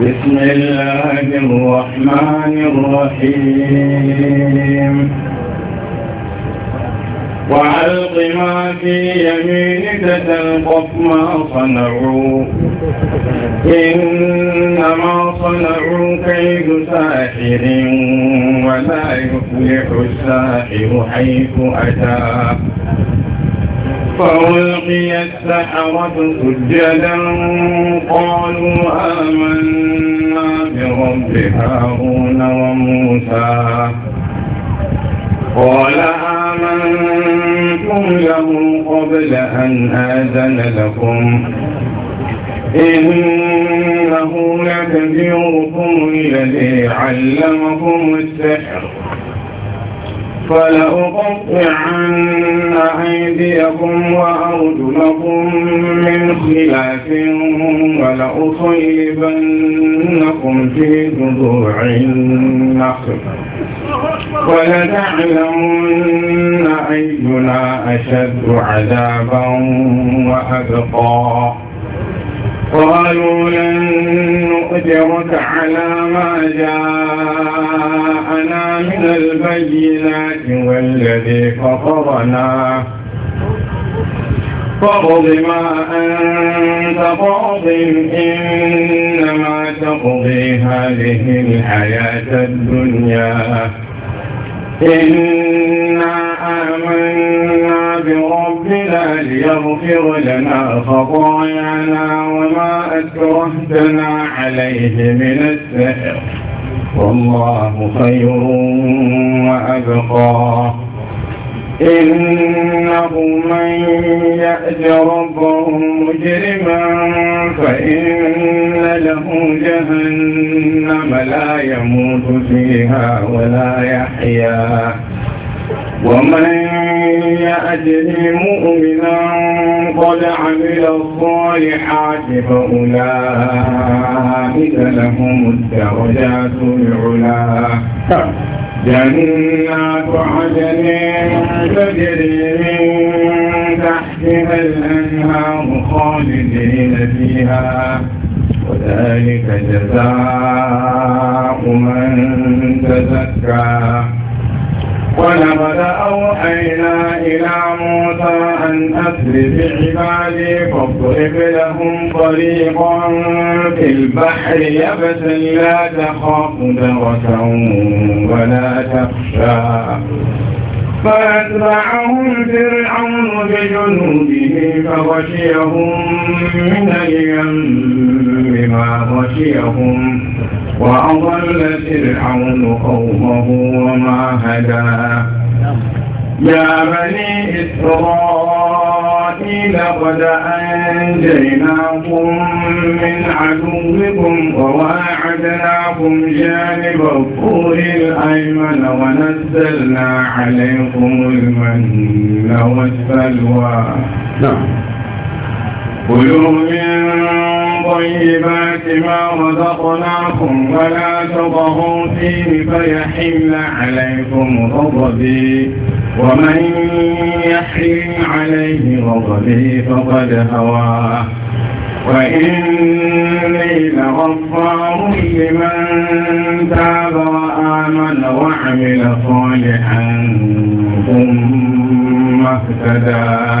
بسم الله الرحمن الرحيم وعلق ما في يمينك تلقف ما صنعوا إنما صنعوا كيد ساحر ولا يفلح الساحر حيث أتى فألقي السحرة سجدا قالوا آمنا برب هارون وموسى قال آمنتم له قبل أن آذن لكم إنه لكبيركم الذي علمكم السحر فلأقطعن أيديكم وأرجلكم من خلاف ولأصيبنكم في جذوع النخل ولتعلمن أينا أشد عذابا وأبقى قالوا لن نؤجرك على ما جاءنا من البينات والذي فطرنا فاقض ما أنت قاض إنما تقضي هذه الحياة الدنيا إنا آمنا بربنا ليغفر لنا خطايانا وما أكرهتنا عليه من السحر والله خير وأبقى إنه من يأت ربه مجرما فإن له جهنم لا يموت فيها ولا يحيا ومن يأته مؤمنا قد عمل الصالحات فأولئك لهم الدرجات العلا جنات عدن تجري من تحتها الأنهار خالدين فيها وذلك جزاء من تزكى ولقد أوحينا إلى موسى أن أسر بعبادي فاضرب لهم طريقا في البحر يبسا لا تخاف دركا ولا تخشى فأتبعهم فرعون بجنوده فغشيهم من اليم بما غشيهم وأضل فرعون قومه وما هدى يا بني إسرائيل قد أنجيناكم من عدوكم وواعدناكم جانب الطور الأيمن ونزلنا عليكم المن والسلوى نعم كلوا من الطيبات ما رزقناكم ولا تضغوا فيه فيحل عليكم غضبي ومن يحل عليه غضبي فقد هواه وإني لغفار لمن تاب وآمن وعمل صالحا ثم اهتدى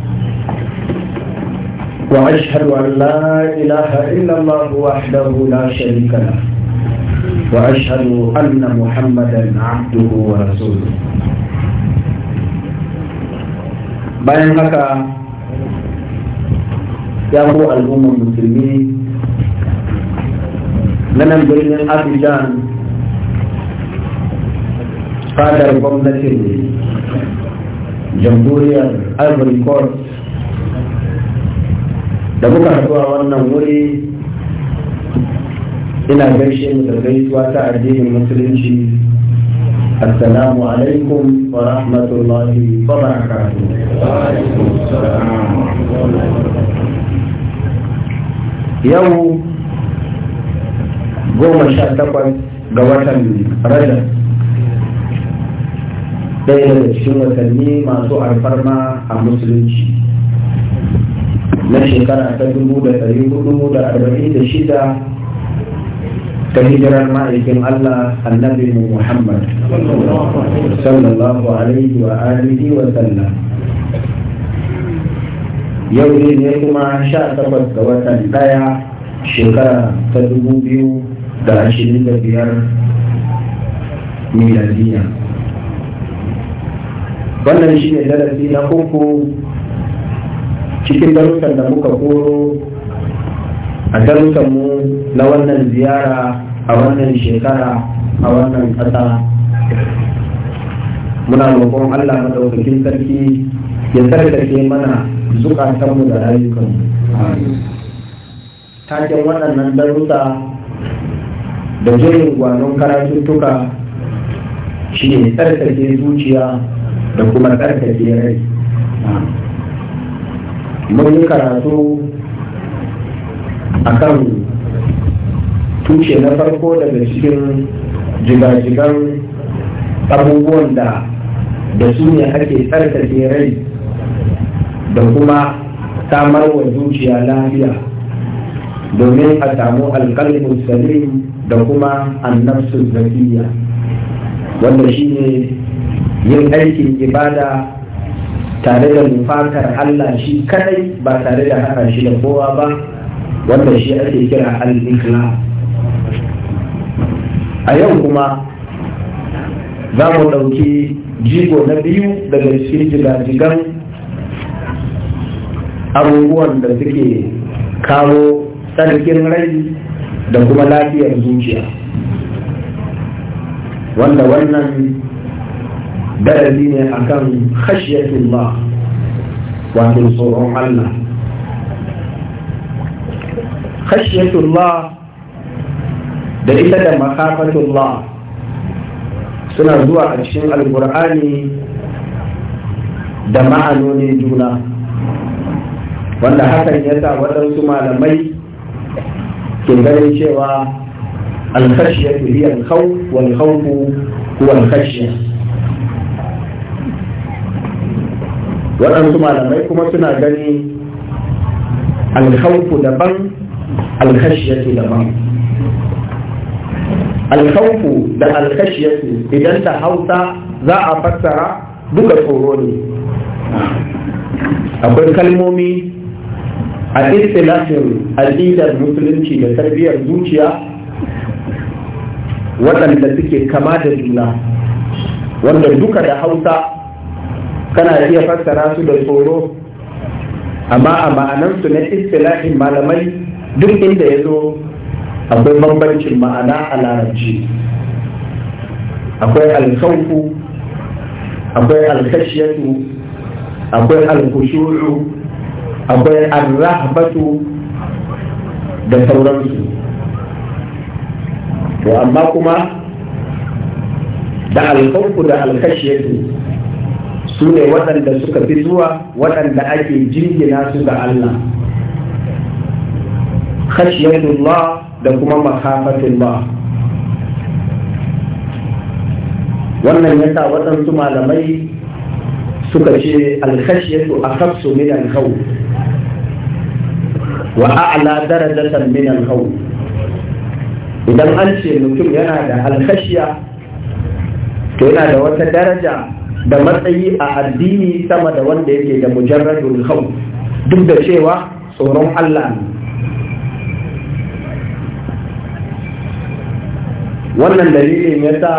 وأشهد أن لا إله إلا الله وحده لا شريك له وأشهد أن محمدا عبده ورسوله bayan haka ya ku al'ummar musulmi na nan birnin abidjan fadar gwamnatin jamhuriyar ivory coast da muka haɗu a wannan wuri ina gaishe mu da gaisuwa ta addinin musulunci assalamu alaikum wa rahmatullahi wa barakatuh yau goma sha takwas ga watan rajab ɗaya daga cikin watanni masu alfarma a musulunci na shekara ta dubu da ɗari hudu da arba'in da shida ta hijirar ma'aikin Allah annabi Muhammad sallallahu alaihi wa alihi wa sallam yau ne ne kuma sha takwas ga watan ɗaya shekara ta dubu biyu da ashirin da biyar miladiya wannan shi ne darasi na uku cikin darussan da muka koro a mu na wannan ziyara a wannan shekara a wannan ƙasa muna roƙon allah na ɗaukakin sarki ya sarkake mana zukatanmu da rayukanmu taken waɗannan darussa da jerin gwanon karatuttuka shi ne tsarkake zuciya da kuma tsarkake rai mun yi karatu akan tushe na farko daga cikin jigajigan abubuwan da da su ne ake tsarkake rai da kuma samar wa zuciya lafiya domin a samu alƙalmin salim da kuma annabsu zakiya wanda shi ne yin aikin ibada tare da nufatar Allah shi kadai ba tare da haka shi da kowa ba wanda shi ake kira al-ikhlas a yau kuma za mu ɗauki jigo na biyu daga cikin jigajigan abubuwan da suke kawo tsarkin rai da kuma lafiyar zuciya wanda wannan galabi ne akan khashiyatullah wato tsoron Allah khashiyatullah da ita da makafatullah suna zuwa a cikin alkur'ani da ma'anoni juna wanda hakan ya sa waɗansu malamai ke ganin cewa alkashiya hiya alkhawf wal khawfu huwa alkashiya waɗansu malamai kuma suna gani alhaufu daban alhashiyatu daban alhaufu da alhashiyatu idan ta hausa za a fassara duka tsoro ne akwai kalmomi a istilahin al'idar musulunci da tarbiyyar zuciya waɗanda suke kama da juna wanda duka da hausa kana da iya fassara su da tsoro amma a ma'anansu na istilahin malamai duk inda ya zo akwai bambancin ma'ana a larabci akwai alkauku akwai alkashiyatu akwai alkushu'u akwai arrahbatu da sauransu to amma kuma da alkauku da alkashiyatu su ne waɗanda suka fi zuwa waɗanda ake jingina su ga Allah khashiyatullah da kuma makafatullah wannan ya yasa waɗansu malamai suka ce alkhashiyatu akafsu min alkhawf wa a'la darajatan min alkhawf idan an ce mutum yana da alkhashiya to yana da wata daraja da matsayi a addini sama da wanda yake da mujarradul khawf duk da cewa tsoron Allah ne wannan dalilin ya sa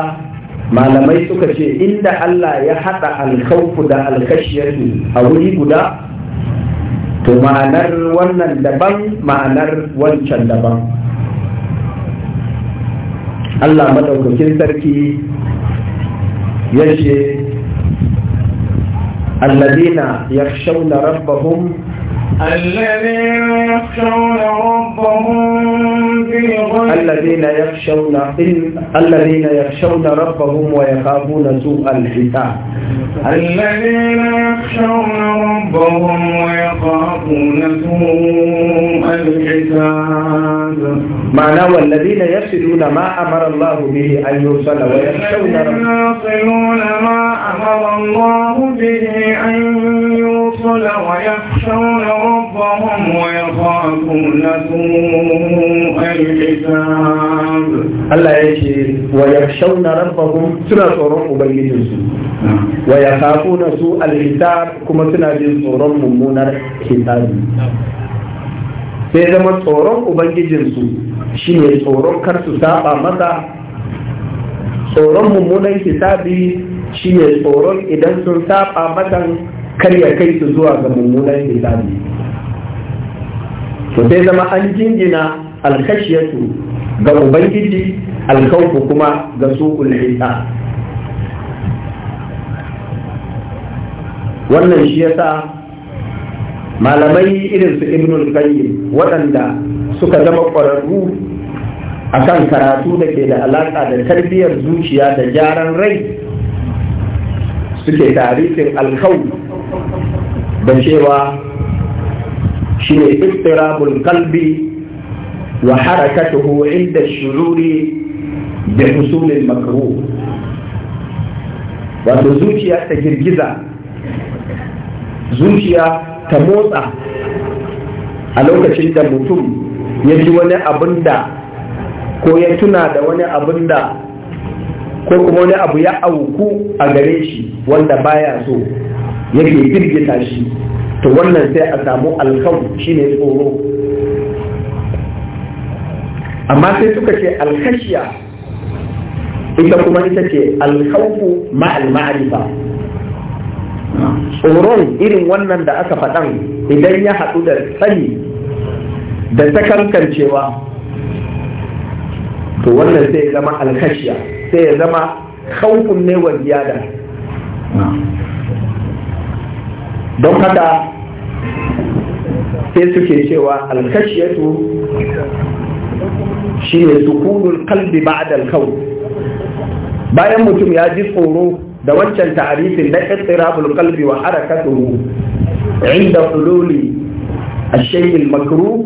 malamai suka ce inda Allah ya haɗa alkhawfu da alkashiyatu a wuri guda to ma'anar wannan daban ma'anar wancan daban Allah madaukakin sarki ya ce الذين يخشون ربهم الذين يخشون ربهم الذين يخشون الذين يخشون ربهم ويخافون سوء الحساب الذين يخشون ربهم ويخافون سوء الحساب معنى والذين يصلون ما امر الله به ان يوصل ويخشون ربهم يصلون ما امر الله به ان يوصل ويخشون ربهم ويخافون سوء الحساب الله يجي ويخشون ربهم سنة صورهم وبيجن ويخافون سوء الحساب كما سنة صورهم ممونة الحساب sai zama tsoron ubangijinsu shi ne tsoron kar su saba masa tsoron mummunan hisabi shi ne tsoron idan sun saba matan Karya kai su zuwa ga mummunan hisabi to sai zama an jingina alkashiyatu ga ubangiji alkawfu kuma ga su ulhisa. wannan shi yasa malamai irin su ibnul qayyim waɗanda suka zama ƙwararru a kan karatu da ke da alaƙa da tarbiyyar zuciya da gyaran rai suke tarihin alkawfi da cewa shi ne istirabul kalbi wa harakatuhu inda shururi da husulin makaru wato zuciya ta girgiza zuciya ta motsa a lokacin da mutum ya ji wani abin da ko ya tuna da wani abin da ko kuma wani abu ya auku a gare shi wanda baya so yake birgita shi to wannan sai a samu alkau shine tsoro amma sai suka ce alkashiya ita kuma ita ce alkaunku ma'al ma'arifa tsoron irin wannan da aka faɗan idan ya haɗu da sani da takankancewa to wannan sai ya zama alkashiya sai ya zama kaukun ne wa ziyada don haka sai suke cewa alkashiyatu shi ne sukunul kalbi ba'da alkaun bayan mutum ya ji tsoro da wancan ta'arifin na istirabul kalbi wa harakatuhu inda a hululi الشيء المكروه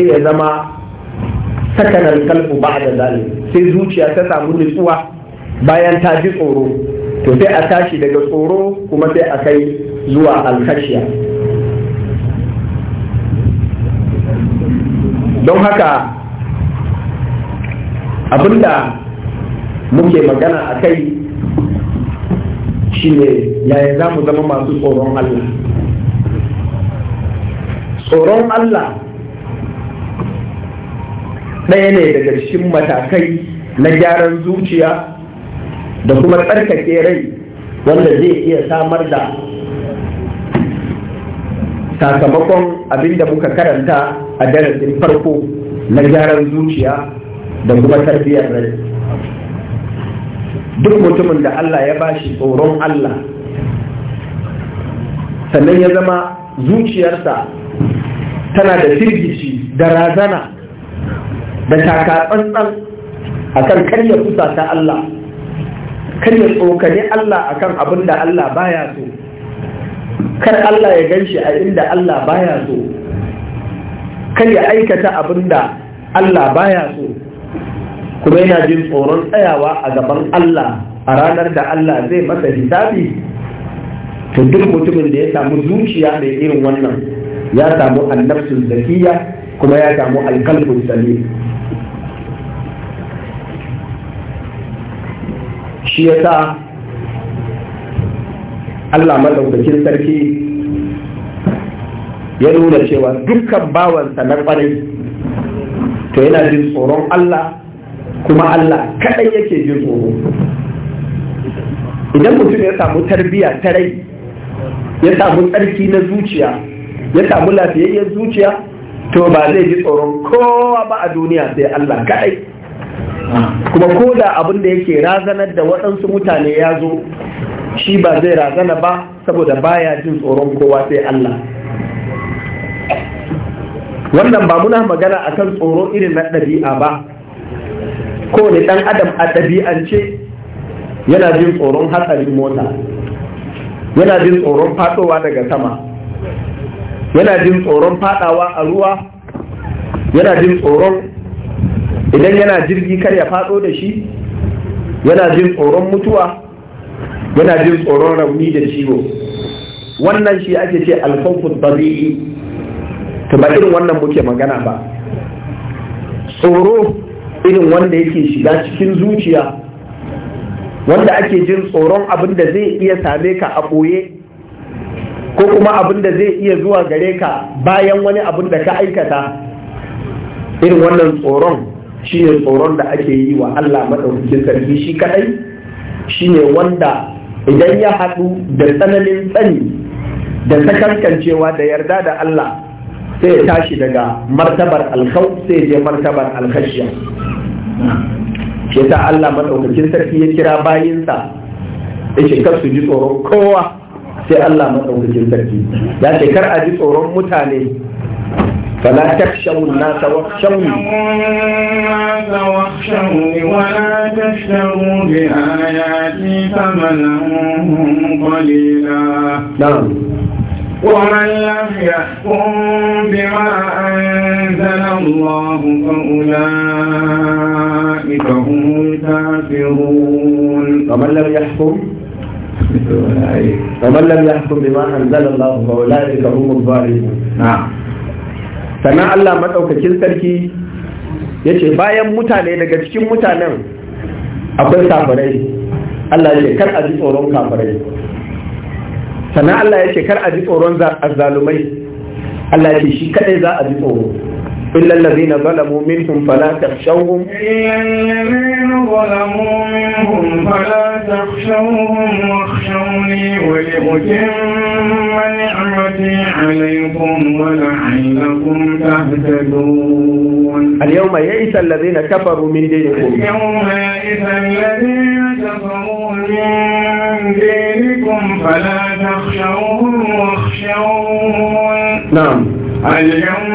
ya zama سكن القلب بعد ذلك sai zuciya ta samu nutsuwa bayan ta ji tsoro to sai a tashi daga tsoro kuma sai a kai zuwa alkashiya don haka abinda muke magana a kai shi ne yaya za mu zama masu tsoron Allah tsoron Allah ɗaya ne daga cikin matakai na gyaran zuciya da kuma tsarkake rai wanda zai iya samar da sakamakon abin da muka karanta a darasin farko na gyaran zuciya da kuma tarbiyyar rai duk mutumin da Allah ya bashi tsoron Allah sannan ya zama zuciyarsa tana da firgici da razana da tsantsan a kan karya kusa ta Allah kar ya tsokane Allah a kan abin da Allah baya so kar Allah ya gan shi a inda Allah baya so kar ya aikata abin da Allah baya so kuma yana jin tsoron tsayawa a gaban Allah a ranar da Allah zai masa hisabi to duk mutumin da ya samu zuciya mai irin wannan ya samu annabtun zakiya kuma ya samu alkalbun salim shi ya sa Allah maɗaukakin sarki ya nuna cewa dukkan bawansa na ƙwarai to yana jin tsoron Allah kuma Allah kaɗai yake jin tsoro idan mutum ya samu tarbiyya ta rai ya samu tsarki na zuciya ya samu lafiyayyen zuciya to ba zai ji tsoron kowa ba a duniya sai Allah kaɗai kuma ko da abin da yake razanar da waɗansu mutane ya zo shi ba zai razana ba saboda baya jin tsoron kowa sai Allah wannan ba muna magana kan tsoro irin na ɗabi'a ba Ko kowane ɗan adam a ɗabi'ance yana jin tsoron hatsarin mota yana jin tsoron fadowa daga sama yana jin tsoron fadawa a ruwa yana jin tsoron idan yana jirgi kar ya faɗo da shi yana jin tsoron mutuwa yana jin tsoron rauni da ciwo wannan shi ake ce alfafun tabi'i to ba irin wannan muke magana ba tsoro irin wanda yake shiga cikin zuciya wanda ake jin tsoron abin da zai iya same ka a ɓoye ko kuma abin da zai iya zuwa gare ka bayan wani abin da ka aikata irin wannan tsoron shi ne tsoron da ake yi wa Allah maɗaukacin sarki shi kaɗai shi ne wanda idan ya haɗu da tsananin tsani da sakankancewa da yarda da Allah sai ya tashi daga martabar alkau sai je martabar alkashiya shi Allah maɗaukacin sarki ya kira bayinsa ya ce kar su ji tsoron kowa sai Allah maɗaukacin sarki ya ce kar a ji tsoron mutane فلا تخشوا الناس واخشوني واخشوني ولا تشتروا بآياتي ثمنا قليلا نعم ومن لم يحكم بما أنزل الله فأولئك هم الكافرون ومن لم يحكم ومن لم يحكم بما أنزل الله فأولئك هم الظالمون نعم sannan Allah maɗaukakin sarki ya ce bayan mutane daga cikin mutanen akwai kafirai Allah ya ce kar a ji tsoron kafirai sannan Allah ya ce kar a ji tsoron zalumai Allah ya ce shi kadai za a ji tsoro إلا الذين ظلموا منهم فلا تخشوهم الذين ظلموا منهم فلا تخشوهم واخشوني ولأتم عليكم ولعلكم تهتدون اليوم يئس الذين كفروا من دينكم اليوم يئس الذين كفروا من دينكم فلا تخشوهم واخشوهم نعم اليوم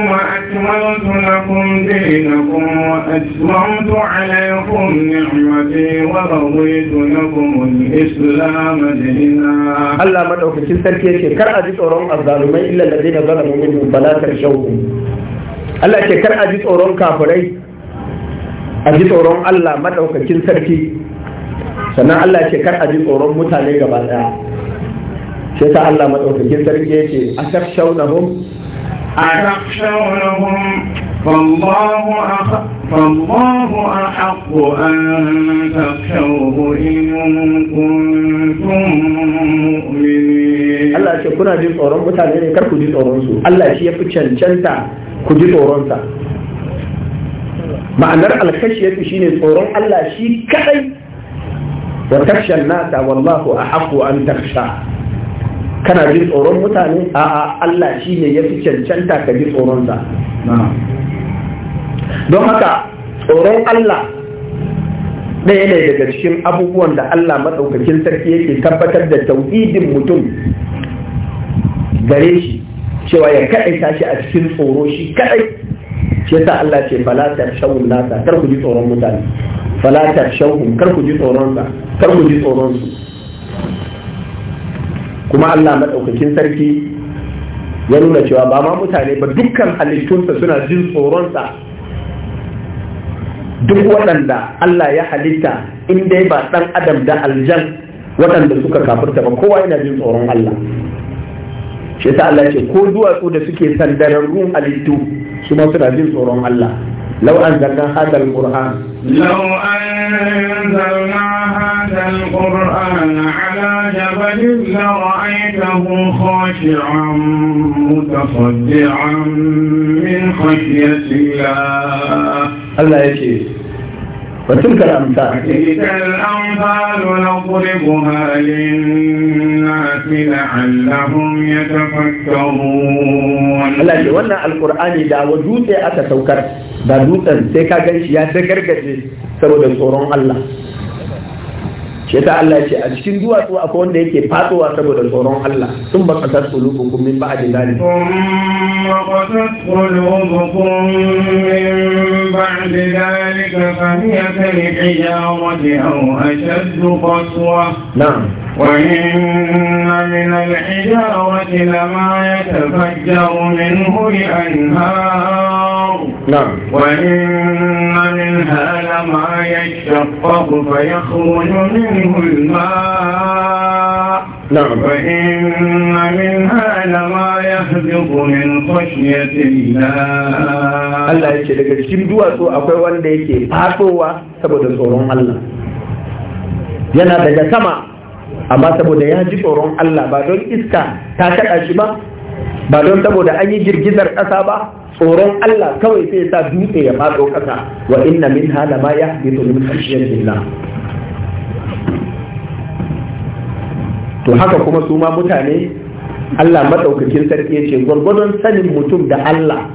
أكملت لكم دينكم وأسمعت عليكم نعمتي ورضيت لكم الإسلام دينا الله ما دوك كسر كيشي كر أجي تورون الظالمين إلا الذين ظلموا منهم فلا تخشوهم الله كر أجي تورون كافرين أجي تورون الله ما دوك كسر كيشي sannan Allah ce kar a ji tsoron mutane gaba ɗaya sai ta Allah maɗaukakin sarki ya ce a shaf shaunahum أتحشونهم فالله أخ... فالله أحق أن تخشوه إن كنتم مؤمنين Allah ce kuna jin tsoron mutane ne kar ku ji tsoron su Allah shi ya fi cancanta ku ji tsoron sa ma'anar alkashiyatu shine tsoron Allah shi kadai wa takshan nasa wallahu ahqqu an taksha kana jin tsoron mutane a'a Allah shi ne ya fi cancanta ka ji tsoronsa don haka tsoron Allah ɗaya ne daga cikin abubuwan da Allah maɗaukakin sarki yake tabbatar da tauhidin mutum gare shi cewa ya kaɗai tashi a cikin tsoro shi kaɗai shi yasa Allah ce fala tarshawun nasa kar ku ji tsoron mutane fala tarshawun kar ku ji tsoronsa kar ku ji tsoronsu. kuma Allah maɗaukakin sarki ya nuna cewa ba ma mutane ba dukkan halittunsa suna jin tsoronsa duk waɗanda Allah ya halitta in dai ba ɗan adam da aljan waɗanda suka kafirta ba kowa yana jin tsoron Allah shi ta Allah ce ko duwatsu da suke sandararrun halittu su ma suna jin tsoron Allah لو أنزلنا هذا القرآن لو أنزلنا هذا القرآن على جبل لرأى تجده خاشعا متصدعا من خشية الله الله يكي وتلك الأمثال تلك الأمثال نضربها للناس لعلهم يتفكرون الله يكي وانا القرآن دا وجوتي أتسوكر دا دوتا سيكا جيش يا سكر جيش سبب القرآن الله shi ta Allah ya a cikin duwatsu akwai wanda yake fatsowa saboda tsoron Allah sun ba kasar kulubukum min ba'di zalik thumma qasat qulubukum min ba'di zalika fa hiya kal hijawati aw ashaddu qaswa na'am وإن من الحجارة لما يتفجر منه الأنهار نعم وإن منها لما يشقق فيخرج منه الماء نعم وإن منها لما يهبط من خشية الله الله يشهد لك الشيء دواتو أقوى وان ديكي فاتوا سبب الله yana daga sama amma saboda ya ji tsoron Allah ba don iska ta kaɗa shi ba ba don saboda an yi girgizar ƙasa ba tsoron Allah kawai sai sa dutse ya faɗo ƙasa wa inna min hala ma ya bitu min to haka kuma su ma mutane Allah madaukakin sarki ya ce gwargwadon sanin mutum da Allah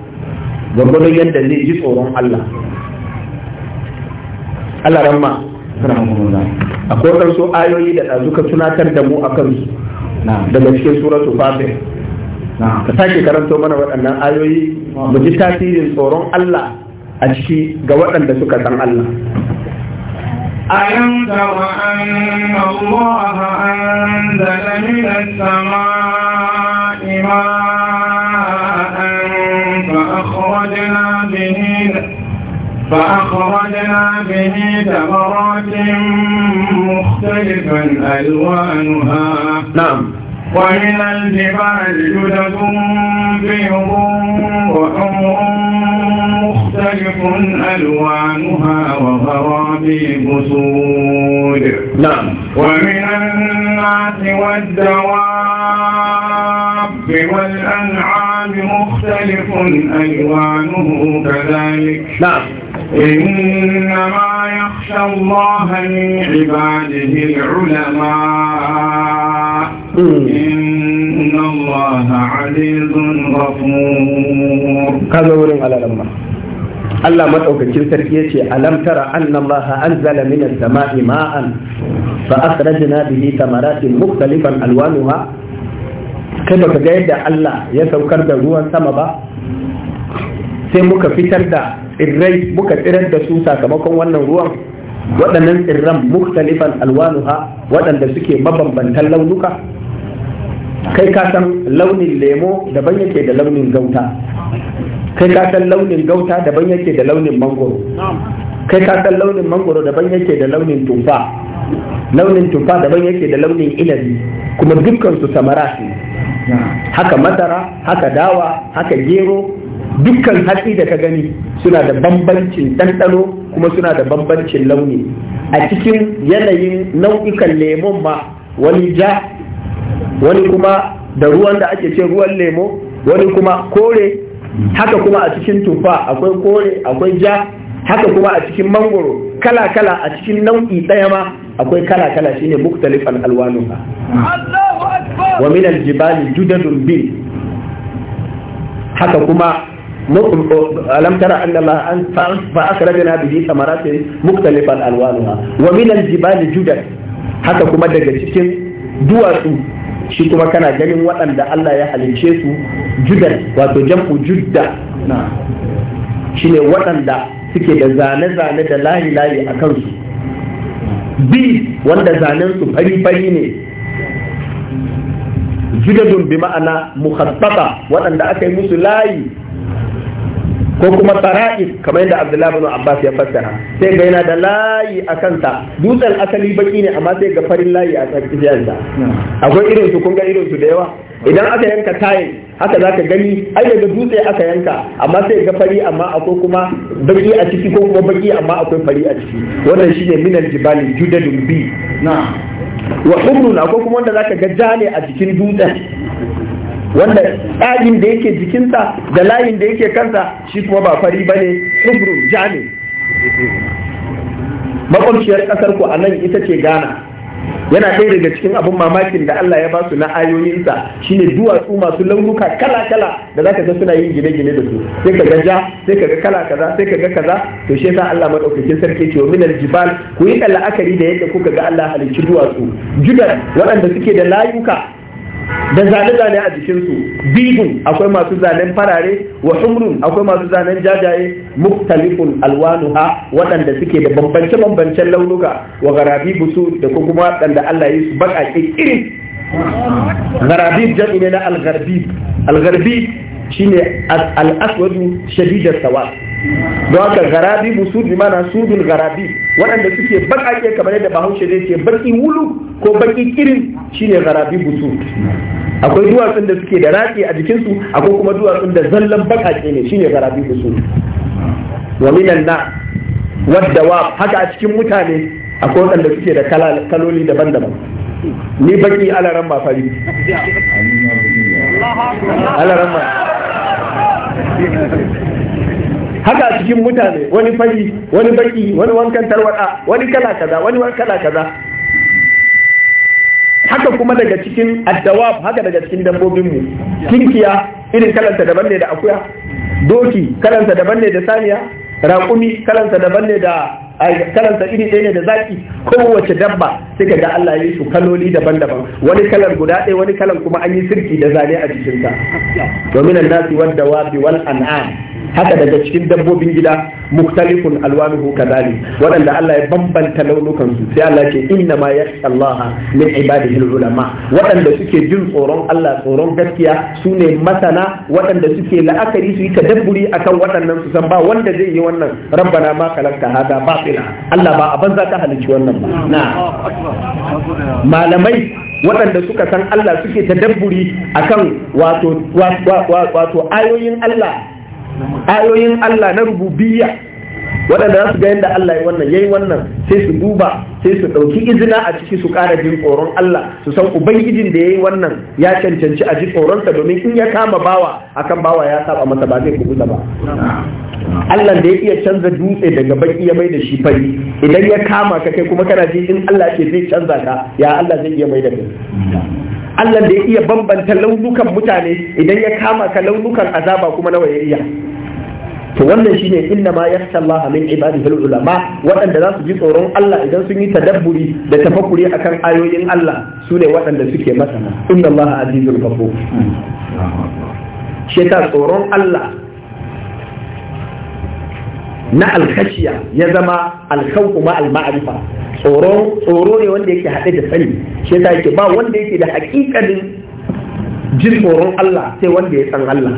gwargwadon yadda zai ji tsoron Allah Allah ramma akwai wadansu ayoyi da ɗazu ka tunatar da mu a daga cikin suratu fatir ka sake karanto mana waɗannan ayoyi mu ji tasirin tsoron Allah a ciki ga waɗanda suka san Allah ألم تر أن الله أنزل من السماء ماء فأخرجنا به ثمرات مختلفا ألوانها نعم ومن الجبال جدد بيض وحمر مختلف ألوانها وغرابيب سود نعم ومن الناس والدواب والأنعام مختلف ألوانه كذلك نعم إنما يخشى الله من عباده العلماء إن الله عزيز غفور هذا ورم على لما Allah madaukakin sarki ce yace alam tara anna Allah anzala minas sama'i ma'an fa akhrajna bihi thamaratin mukhtalifan alwanuha kai ka ga yadda Allah ya saukar da ruwan sama ba sai muka fitar da tsirrai muka tsirar da su sakamakon wannan ruwan waɗannan tsirran muktalifan alwanuha waɗanda suke mabambantan launuka kai ka san launin lemo daban yake da launin gauta kai ka san launin gauta daban yake da launin mangoro kai ka san launin mangoro daban yake da launin tufa launin tufa daban yake da launin inabi kuma dukkan su samara haka masara haka dawa haka gero dukkan hatsi da ka gani suna da bambancin ɗanɗano kuma suna da bambancin launi a cikin yanayin nau'ikan lemon ma wani ja wani kuma da ruwan da ake ce ruwan lemo wani kuma kore haka kuma a cikin tufa akwai kore akwai ja haka kuma a cikin mangoro kala-kala a cikin nau'i ɗaya ma akwai kala-kala shine muktalifan alwanuka wa min aljibali judadun bil haka kuma ألم um, um, Allah an fa akrajna فأخرجنا به mukhtalifan مختلفا wa min aljibali judad haka kuma daga cikin duwatsu shi kuma kana ganin waɗanda Allah ya halince su judar wato jam'u judda shi ne waɗanda suke da zane-zane da layi-layi a kansu bi wanda zanen su fari-fari ne zigadun bi ma'ana mukhattata waɗanda aka yi musu layi ko kuma tara'is kamar yadda Abdullahi bin Abbas ya fassara sai ga yana da layi a kanta dutsen asali baki ne amma sai ga farin layi a tsakiyarsa hmm. akwai irin su kun ga irin su da yawa idan aka yanka tayin haka zaka gani ai daga dutse aka yanka amma sai ga fari amma akwai kuma baki a ciki ko kuma baki amma akwai fari a ciki wannan shine minal jibali judadun bi na wa humrun akwai kuma wanda zaka ga jane a jikin dutsen wanda tsagin da yake jikinsa da layin da yake kansa shi kuma ba fari bane humrun jane makwabciyar kasar ku a nan ita ce Ghana yana ɗaya daga cikin abin mamakin da Allah ya ba su na ayoyinsa shine duwatsu masu launuka kala kala da zaka ga suna yin gine-gine da su sai ka ga ja sai ka ga kala kaza sai ka ga kaza to shi yasa Allah madaukakin sarki ce wa minal jibal ku yi la'akari da yadda kuka ga Allah halicci duwatsu judan waɗanda suke da layuka da zane-zane a jikinsu bidun akwai masu zanen farare wa umrun akwai masu zanen jajaye muktalifun alwanuha waɗanda suke da bambance-bambancen launuka wa garabi busu da kuma waɗanda Allah yi su baƙaƙe irin garabi jami'i na algarbi algarbi shine al-aswadu shadidat sawa don haka garabi musud mana sudul garabi waɗanda suke bakake kamar yadda bahaushe zai ce baki wulu ko baki kirin shine garabi musud akwai duwatsun da suke da rafi a jikinsu akwai kuma duwatsun da zallan bakake ne shine garabi musud wa minan na wadda wa haka a cikin mutane akwai waɗanda suke da kaloli daban-daban ni baki alaran ba fari alaran ma haka cikin mutane wani fari wani baki wani wankan tarwada wani kala kaza wani kala kaza haka kuma daga cikin addawab haka daga cikin dabbobinmu kinkiya irin kalanta daban ne da akuya doki kalanta daban ne da saniya raƙumi kalanta daban ne da a kalansa iri ɗaya ne da zaki kowace dabba sai ga Allah ya yi su kaloli daban-daban wani kalar guda ɗaya wani kalan kuma an yi sirki da zane a jikinta domin nasi wadda bi wal an'am haka daga cikin dabbobin gida muktalifun alwanuhu kadali waɗanda Allah ya bambanta launukan su sai Allah ke inna ma yasallaha min ibadihi ulama wadanda suke jin tsoron Allah tsoron gaskiya sune masana waɗanda suke la'akari su yi tadabburi akan waɗannan su san ba wanda zai yi wannan rabbana ma kalakta hada batila Allah ba a banza ka halicci wannan ba na malamai waɗanda suka san Allah suke tadabburi akan wato wato ayoyin Allah ayoyin Allah na rububiyya waɗanda za su ga yadda Allah ya wannan yayi wannan sai su duba sai su ɗauki izina a ciki su ƙara jin tsoron Allah su san ubangijin da yayi wannan ya cancanci a ji tsoronsa domin in ya kama bawa akan bawa ya saba masa ba zai kubuta ba Allah da ya iya canza dutse daga baki ya mai da shi fari idan ya kama ka kai kuma kana ji in Allah ke zai canza ka ya Allah zai iya mai da kai Allah da ya iya bambanta launukan mutane idan ya kama ka launukan azaba kuma nawa ya iya to wannan shine inna ma yakhsha Allah min ibadihi ulama waɗanda za su ji tsoron Allah idan sun yi tadabburi da tafakkuri akan ayoyin Allah su ne waɗanda suke masana inna Allah azizul ghafur shi ta tsoron Allah na alkashiya ya zama alkhawfu kuma alma'arifa, tsoro ne wanda yake haɗe da sani shi yasa yake ba wanda yake da haƙiƙanin jin tsoron Allah sai wanda ya san Allah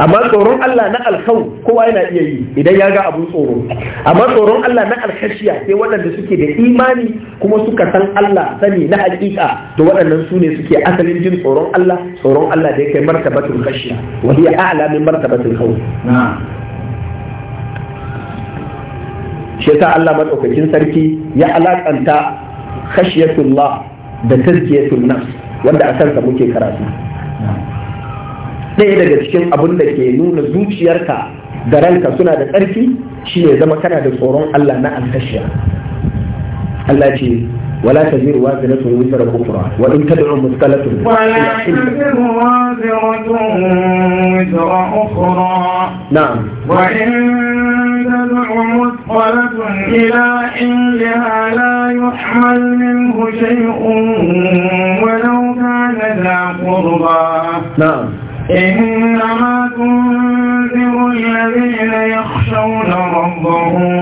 amma tsoron Allah na alkhawf kowa yana iya yi idan ya ga abun tsoro amma tsoron Allah na alkashiya sai waɗanda suke da imani kuma suka san Allah sani na haƙiƙa da waɗannan su ne suke asalin jin tsoron Allah tsoron Allah da ya kai martabatul khashiya wa hiya a'la min martabatul khawf shi Allah madaukakin sarki ya alakanta khashiyatullah da tazkiyatun nafs wanda a kansa muke karatu ɗaya daga cikin abin da ke nuna zuciyarka da ranka suna da tsarki shi ne zama kana da tsoron Allah na alkashiya Allah ce ولا تزر وازرة وزر أخرى وإن تدعو مثقلة ولا تزر وازرة وزر أخرى نعم تدع مثقلة إلى حملها لا يحمل منه شيء ولو كان ذا قربى نعم إنما تنذر الذين يخشون ربهم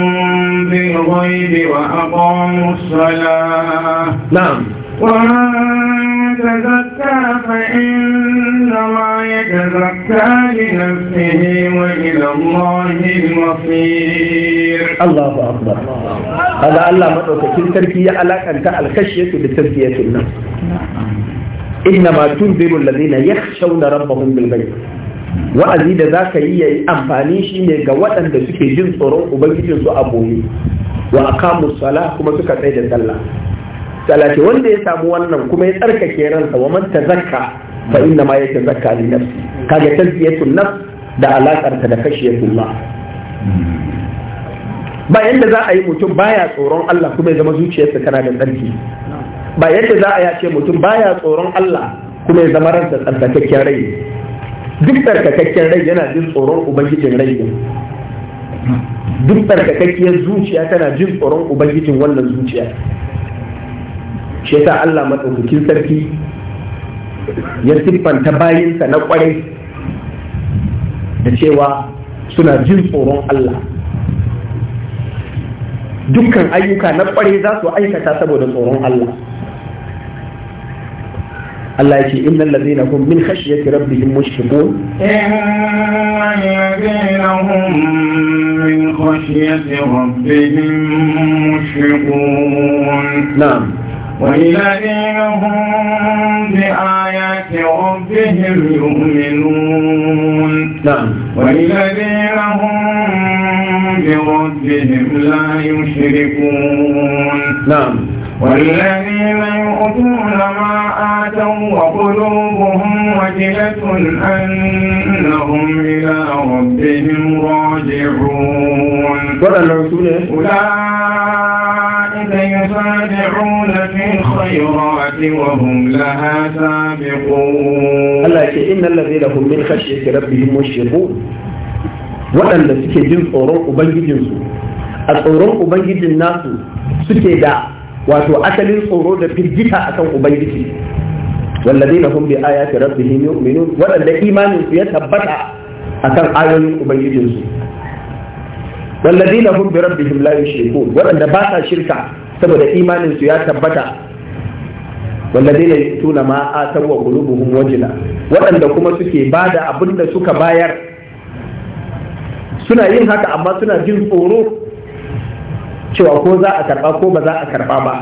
بالغيب وأقاموا الصلاة نعم ومن يتزكى فإنما يتزكى لنفسه وإلى الله المصير الله أكبر هذا الله في التركية على أنت الخشية بتركية النفس إنما تنذر الذين يخشون ربهم بالغيب وأزيد ذاك هي ka yi ya yi amfani shi ne ga waɗanda أبوه وأقاموا الصلاة كما a الله talace wanda ya samu wannan kuma ya tsarkake ransa wa man tazakka fa inna ma yatazakka li nafsi kaga tazkiyatun nafs da alaƙar ta da kashiyatullah ba yadda za a yi mutum baya tsoron Allah kuma ya zama zuciyarsa tana da tsarki ba yadda za a yace mutum baya tsoron Allah kuma ya zama ransa tsarkakakken rai duk tsarkakakken rai yana jin tsoron ubangijin rai ne duk tsarkakakkiyar zuciya tana jin tsoron ubangijin wannan zuciya shi yasa Allah madaukakin sarki ya siffanta bayinsa na ƙwarai da cewa suna jin tsoron Allah dukkan ayyuka na ƙwarai za su aikata saboda tsoron Allah Allah yake inna allazina hum min khashyati rabbihim mushfiqun inna allazina hum min khashyati rabbihim mushfiqun na'am والذين هم بآيات ربهم يؤمنون نعم. والذين هم بربهم لا يشركون نعم والذين يؤتون ما آتوا وقلوبهم وجلة أنهم إلى ربهم راجعون أولئك يسارعون في الخيرات وهم لها سابقون الله يقول إن الذين هم من خشية ربهم مشفقون waɗanda suke jin tsoron ubangijinsu a tsoron ubangijin nasu suke da wato asalin tsoro da firgita akan ubangiji wallazi na humbi aya ta rabbi yu'minun waɗanda imaninsu ya tabbata akan ayoyin ubangijinsu wallazi na humbi rabbihim la yushrikun waɗanda ba sa shirka saboda imanin su ya tabbata walladina yutuna ma ataw wa qulubuhum wajila waɗanda kuma suke bada abin da suka bayar suna yin haka amma suna jin tsoro cewa ko za a karba ko ba za a karba ba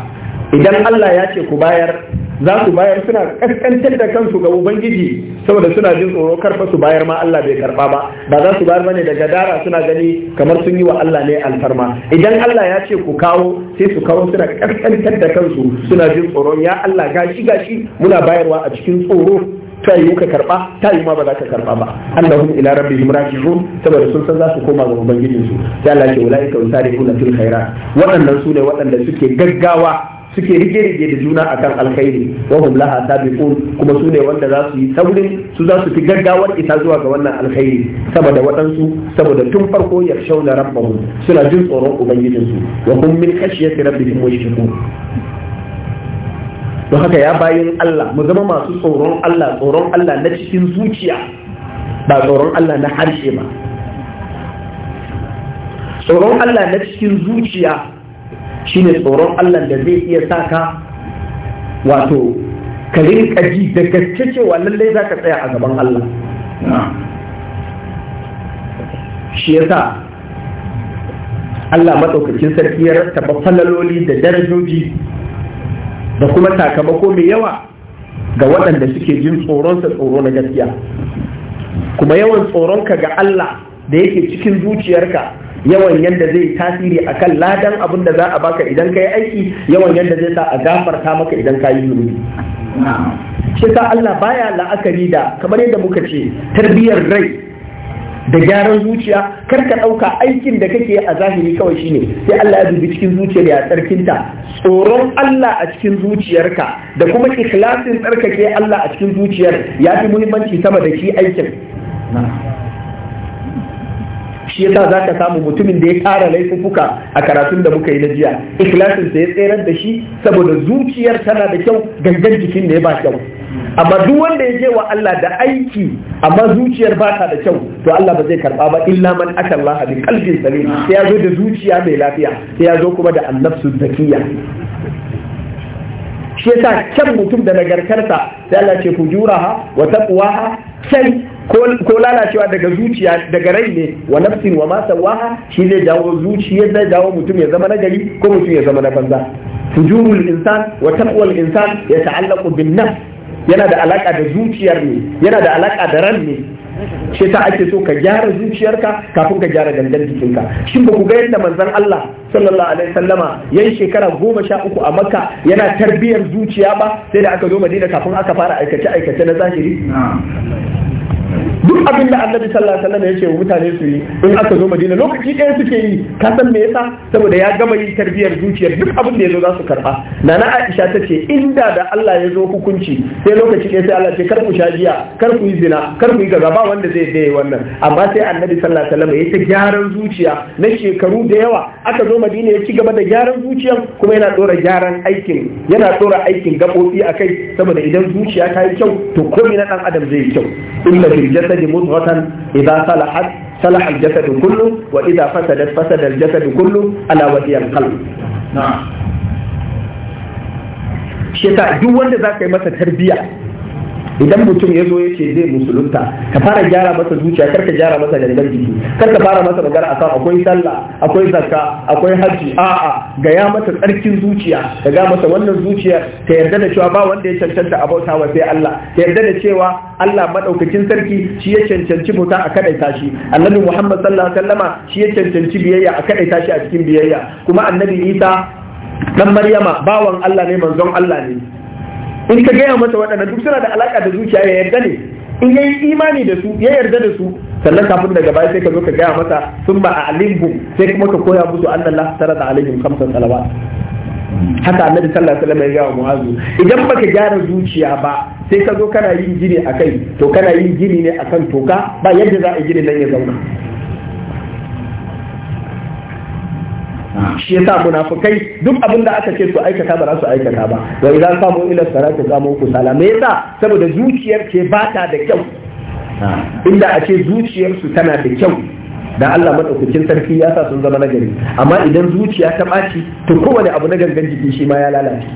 idan Allah ya ce ku bayar za su bayar suna ƙasƙantar da kansu ga ubangiji saboda suna jin tsoro karfa su bayar ma Allah bai karba ba ba za su bayar bane daga dara suna gani kamar sun yi wa Allah ne alfarma idan Allah ya ce ku kawo sai su kawo suna ƙasƙantar da kansu suna jin tsoro ya Allah gashi gashi muna bayarwa a cikin tsoro ta yiwu ka karba ta yiwu ma ba za ka karba ba allahu ila rabbihim raji'un saboda sun san za su koma ga ubangijinsu sai Allah ya ce wala'ika usariquna fil khairat waɗannan su ne waɗanda suke gaggawa suke rige-rige da juna akan alkhairi wa hum laha sabiqun kuma su ne wanda za su yi saurin su za su fi gaggawar isa zuwa ga wannan alkhairi saboda waɗansu saboda tun farko ya shauna rabbahu suna jin tsoron ubangijinsu wa hum min khashyati rabbihim mushrikun don haka ya bayin Allah mu zama masu tsoron Allah tsoron Allah na cikin zuciya ba tsoron Allah na harshe ba tsoron Allah na cikin zuciya shine tsoron Allah da zai iya saka wato ka rinka ji da gaske cewa lallai za ka tsaya a gaban Allah shi yasa Allah matsaukacin sarki ya rattaba falaloli da darajoji da kuma sakamako mai yawa ga waɗanda suke jin tsoronsa tsoro na gaskiya kuma yawan tsoronka ga Allah da yake cikin zuciyarka yawan yadda zai tasiri a kan ladan abin da za a baka idan ka yi aiki yawan yadda zai sa a gafarta maka idan ka yi zunubi shi sa Allah baya la'akari da kamar yadda muka ce tarbiyyar rai da gyaran zuciya kar ka ɗauka aikin da kake a zahiri kawai shine sai Allah ya dubi cikin zuciyar ya tsarkinta tsoron Allah a cikin zuciyarka da kuma ikhlasin tsarkake Allah a cikin zuciyar ya fi muhimmanci sama da shi aikin shi yasa za ka samu mutumin da ya kara laifuka a karatun da muka yi na jiya ikhlasinsa ya tserar da shi saboda zuciyar tana da kyau gangan jikin ne ba kyau amma duk wanda ya je wa Allah da aiki amma zuciyar ba ta da kyau to Allah ba zai karba ba illa man aka Allah bi qalbin salim sai ya zo da zuciya mai lafiya sai ya zo kuma da annafsu zakiya shi yasa kyan mutum da nagarkarsa sai Allah ce fujuraha wa taqwaha sai ko lalacewa daga zuciya daga rai ne wa nafsin wa masa waha, shi zai jawo zuciya zai jawo mutum ya zama nagari ko mutum ya zama na banza fujurul insan wa taqwal insan ya ta'allaqu bin nafs yana da alaka da zuciyar ne yana da alaka da ran ne shi ta ake so ka gyara zuciyarka kafin ka gyara gangan jikinka shin ba ku ga yadda manzon Allah sallallahu alaihi sallama yan shekara goma sha uku a makka yana tarbiyyar zuciya ba sai da aka zo madina kafin aka fara aikace aikace na zahiri duk abin da annabi sallallahu alaihi wasallam ya ce wa mutane su yi in aka zo madina lokaci ɗaya suke yi ka san me yasa saboda ya gama yi tarbiyyar zuciyar duk abin da ya zo za su karba nana aisha ta ce inda da Allah ya zo hukunci sai lokaci ɗaya sai Allah ce kar ku sha giya kar ku yi zina kar ku yi gaba ba wanda zai daya wannan amma sai annabi sallallahu alaihi wasallam ya ta gyaran zuciya na shekaru da yawa aka zo madina ya ci gaba da gyaran zuciyar kuma yana dora gyaran aikin yana dora aikin gabobi akai saboda idan zuciya ta yi kyau to komai na dan adam zai yi kyau illa fil الجسد مضغة إذا صلحت صلح الجسد كله وإذا فسدت فسد الجسد كله ألا وهي القلب نعم shi yasa duk wanda za ka yi masa tarbiyya idan mutum ya zo yake zai musulunta ka fara gyara masa zuciya kar ka gyara masa gangan jiki kar ka fara masa magana akan akwai sallah akwai zakka akwai hajji a'a ga ya masa tsarkin zuciya ka ga masa wannan zuciya ka yarda da cewa ba wanda ya cancanta a bauta wa sai Allah ka yarda da cewa Allah madaukakin sarki shi ya cancanci bauta a kadaita shi annabi Muhammad sallallahu alaihi wasallama shi ya cancanci biyayya a kadaita shi a cikin biyayya kuma annabi Isa dan Maryama bawan Allah ne manzon Allah ne in ka gaya masa waɗannan duk suna da alaƙa da zuciya ya yarda ne in yayi imani da su ya yarda da su sannan kafin daga baya sai ka zo ka gaya masa sun ba a alimbu sai kuma ka koya musu an la tara da alimbu kamsan salawa haka annabi sallallahu alaihi wasallam ya wa mu'azu idan baka gyara zuciya ba sai ka zo kana yin gini akai to kana yin gini ne akan toka ba yadda za a gini nan ya zauna shi ya sa munafukai duk abin da aka ce su aikata ba za su aikata ba wa idan samu ila salati qamu sala me yasa saboda zuciyar ce ba ta da kyau inda a ce zuciyarsu tana da kyau da Allah madaukakin sarki ya sa sun zama nagari amma idan zuciya ta baci to kowane abu na gangan jiki shi ma ya lalace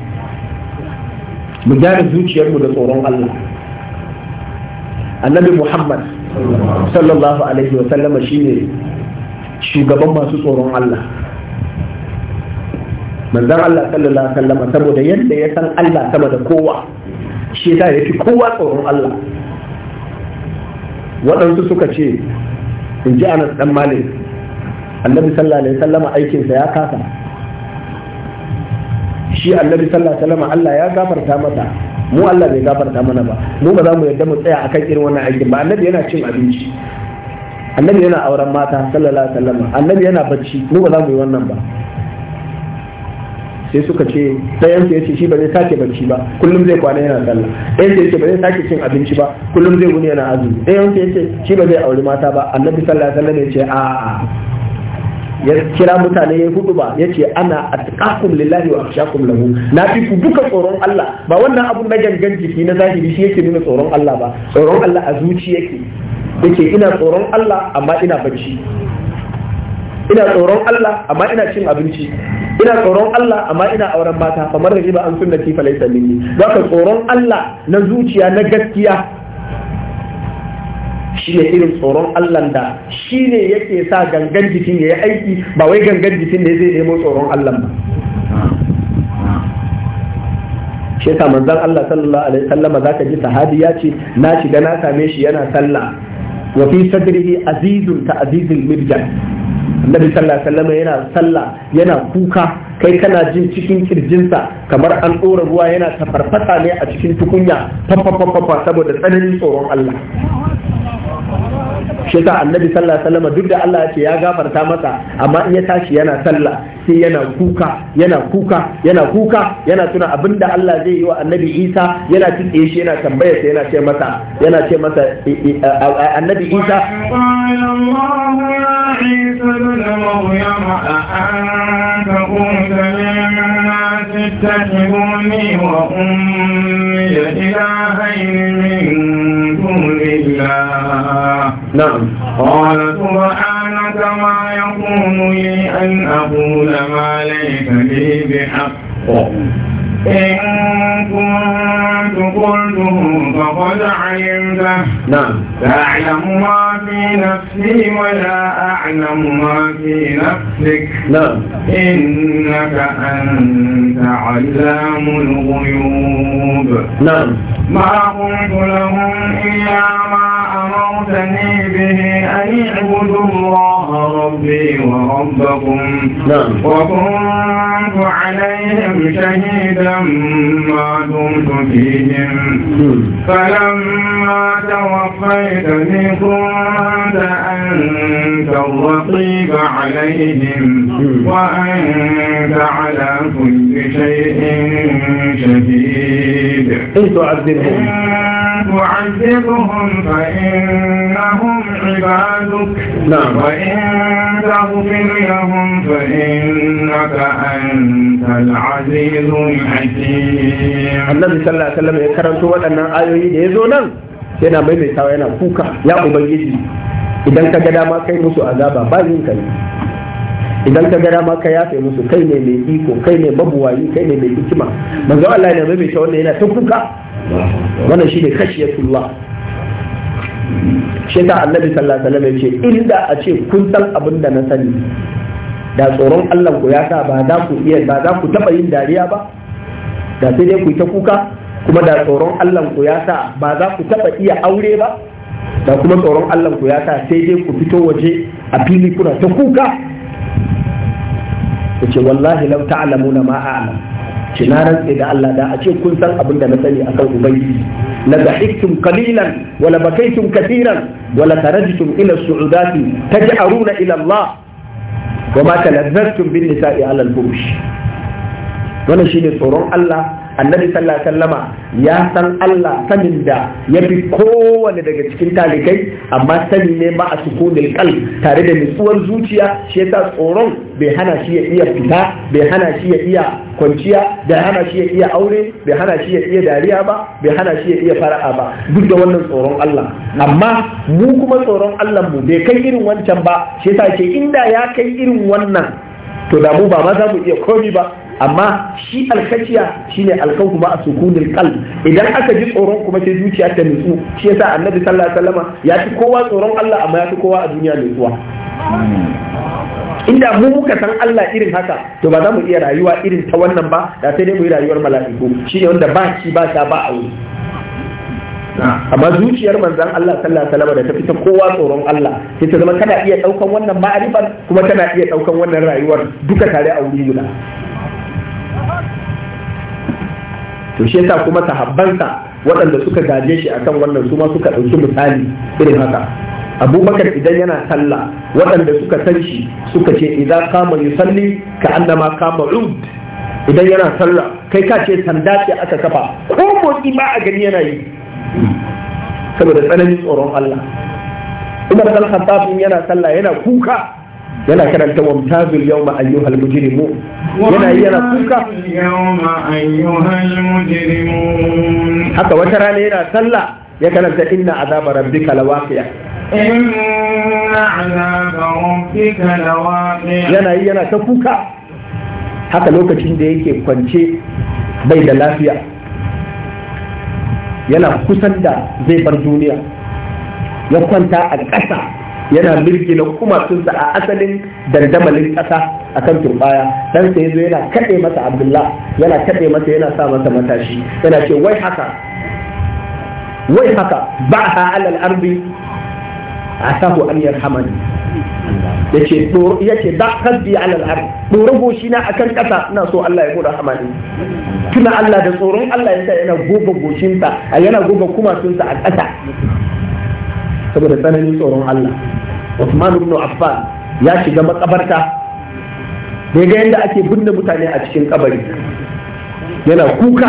mu gyara zuciyarmu da tsoron Allah annabi Muhammad sallallahu alaihi wa sallama shine shugaban masu tsoron Allah manzan Allah sallallahu alaihi wasallam saboda yadda ya san Allah sama da kowa shi ta ya fi kowa tsoron Allah waɗansu suka ce in ji Anas dan Malik annabi sallallahu alaihi wasallam aikinsa ya kasa shi annabi sallallahu alaihi wasallam Allah ya gafarta masa mu Allah bai gafarta mana ba mu ba za mu yadda mu tsaya akan irin wannan aikin ba annabi yana cin abinci annabi yana auren mata sallallahu alaihi wasallam annabi yana bacci mu ba za mu yi wannan ba sai suka ce ɗayan ya ce shi ba zai sake barci ba kullum zai kwana yana sallah ɗayan ya ce ba zai sake cin abinci ba kullum zai wuni yana azumi ɗayan ya ce shi ba zai auri mata ba annabi sallallahu alaihi wasallam ya ce a'a ya kira mutane ya hudu ba ya ce ana atqakum lillahi wa akhshakum lahu na fi ku duka tsoron Allah ba wannan abun na gangan jiki na zahiri shi yake nuna tsoron Allah ba tsoron Allah a zuci yake yake ina tsoron Allah amma ina barci. ina tsoron Allah amma ina cin abinci ina tsoron Allah amma ina auren mata kamar da riba an sunnati fa laysa minni zaka tsoron Allah na zuciya na gaskiya shi ne irin tsoron Allah da shi ne yake sa gangan jikin ya yi aiki ba wai gangan jikin ne zai nemo tsoron Allah ba shi yasa manzon Allah sallallahu alaihi wasallam zaka ji sahabi ya ce na shiga na same shi yana sallah wa fi sadrihi azizun ta azizin mirjan nabi sallallahu yana sallah yana kuka kai kana jin cikin kirjinsa kamar an ɗora ruwa yana tafarfasa ne a cikin tukunya fafafafafa saboda tsananin tsoron Allah shi ta annabi sallallahu alaihi duk da Allah ya ce ya gafarta masa amma in ya tashi yana sallah sai yana kuka yana kuka yana kuka yana tuna abin da Allah zai yi wa annabi Isa yana tuɗe shi yana tambaya sai yana ce masa yana ce masa e, e, annabi Isa تتخذني وأمي إلهين من دون الله نعم قال سبحانك ما يكون لي أن أقول إن كنت قلته فقد علمته نعم تعلم ما في نفسي ولا أعلم ما في نفسك نعم إنك أنت علام الغيوب نعم ما قلت لهم إلا ما أمرتني اعبدوا الله ربي وربكم نعم وكنت عليهم شهيدا ما دمت فيهم نعم. فلما توفيتني كنت أنت الرقيب عليهم نعم. وأنت على كل شيء شهيد إن تعذبهم تعذبهم فإنهم عبادك نعم وإن تغفر لهم فإنك أنت العزيز الحكيم النبي صلى الله عليه وسلم يكرم سوى أن آيوه يزونا yana maimaitawa yana kuka ya ubangiji idan ka ga dama ما musu azaba ba yin kai idan ka gara ma ka yafe musu kai ne mai iko kai ne wayi kai ne mai hikima manzo Allah ne mai ta wannan yana ta kuka wannan shine kashiyatullah shi ta annabi sallallahu alaihi wasallam ce, inda a ce kun san abin da na sani da tsoron Allah ku ya sa ba za ku iya ba za ku taba yin dariya ba da sai dai ku ta kuka kuma da tsoron Allah ku ya sa ba za ku taba iya aure ba da kuma tsoron Allah ku ya sa sai dai ku fito waje a fili kuna ta kuka yace wallahi law ta'lamuna na a'lam ce na rantse da Allah da a ce kun san abin da na sani akan ubangiji la dahiktum qalilan wa la bakaytum katiran wa la tarajtum ila as-su'udati taj'aruna ila Allah wa ma talazzartum bin nisa'i ala al-furush wannan shine tsoron Allah annabi sallallahu alaihi ya san Allah sanin da ya fi kowane daga cikin talikai amma sani ne ma a sukunil kal tare da nutsuwar zuciya shi sa tsoron bai hana shi ya iya fita bai hana shi ya iya kwanciya bai hana shi ya iya aure bai hana shi ya iya dariya ba bai hana shi ya iya fara'a ba duk da wannan tsoron Allah amma mu kuma tsoron Allah mu bai kai irin wancan ba shi yasa ce inda ya kai irin wannan to da mu ba ma za mu iya komi ba amma shi alkaciya shine alkan kuma a sukunin qalb idan aka ji tsoron kuma sai zuciya ta nutsu shi yasa annabi sallallahu alaihi wasallam ya fi kowa tsoron Allah amma ya fi kowa a duniya nutsuwa inda mu muka san Allah irin haka to ba za mu iya rayuwa irin ta wannan ba da sai dai mu yi rayuwar mala'iku shi ne wanda ba shi ba ta ba a wuri amma zuciyar manzan Allah sallallahu alaihi wasallam da ta fita kowa tsoron Allah sai ta zama tana iya daukan wannan ma'arifan kuma tana iya daukan wannan rayuwar duka tare a wuri guda to shi yasa kuma sahabbansa waɗanda suka gaje shi akan wannan su ma suka ɗauki misali irin haka abubakar idan yana sallah waɗanda suka san shi suka ce idza kama yusalli ka annama kama ud idan yana sallah kai ka ce sanda ce aka kafa ko motsi ba a gani yana yi saboda tsananin tsoron Allah Umar al-Khattab yana sallah yana kuka yana karanta wamtazul yawma ayyuhal mujrimu yana yi yana kuka yawma ayyuhal haka wata rana yana sallah ya karanta inna azaba rabbika lawaqiya inna azaba rabbika lawaqiya yana yi yana ta kuka haka lokacin da yake kwance bai da lafiya yana kusan da zai bar duniya ya kwanta a ƙasa yana mirgi na kumatunsa a asalin dandamalin ƙasa a kan turbaya dan sai zo yana kaɗe masa abdullah yana kaɗe masa yana sa masa matashi yana ce wai haka wai haka ba ha alal ardi asahu an yarhamani yace to yace da hasbi ala al-ard doron goshi na akan kasa ina so Allah ya goda hamani tuna Allah da tsoron Allah yasa yana goga goshin sa yana goga kumatun sa a kasa saboda tsananin tsoron Allah Usman ibn Affan ya shiga makabarta da ga yadda ake binne mutane a cikin kabari yana kuka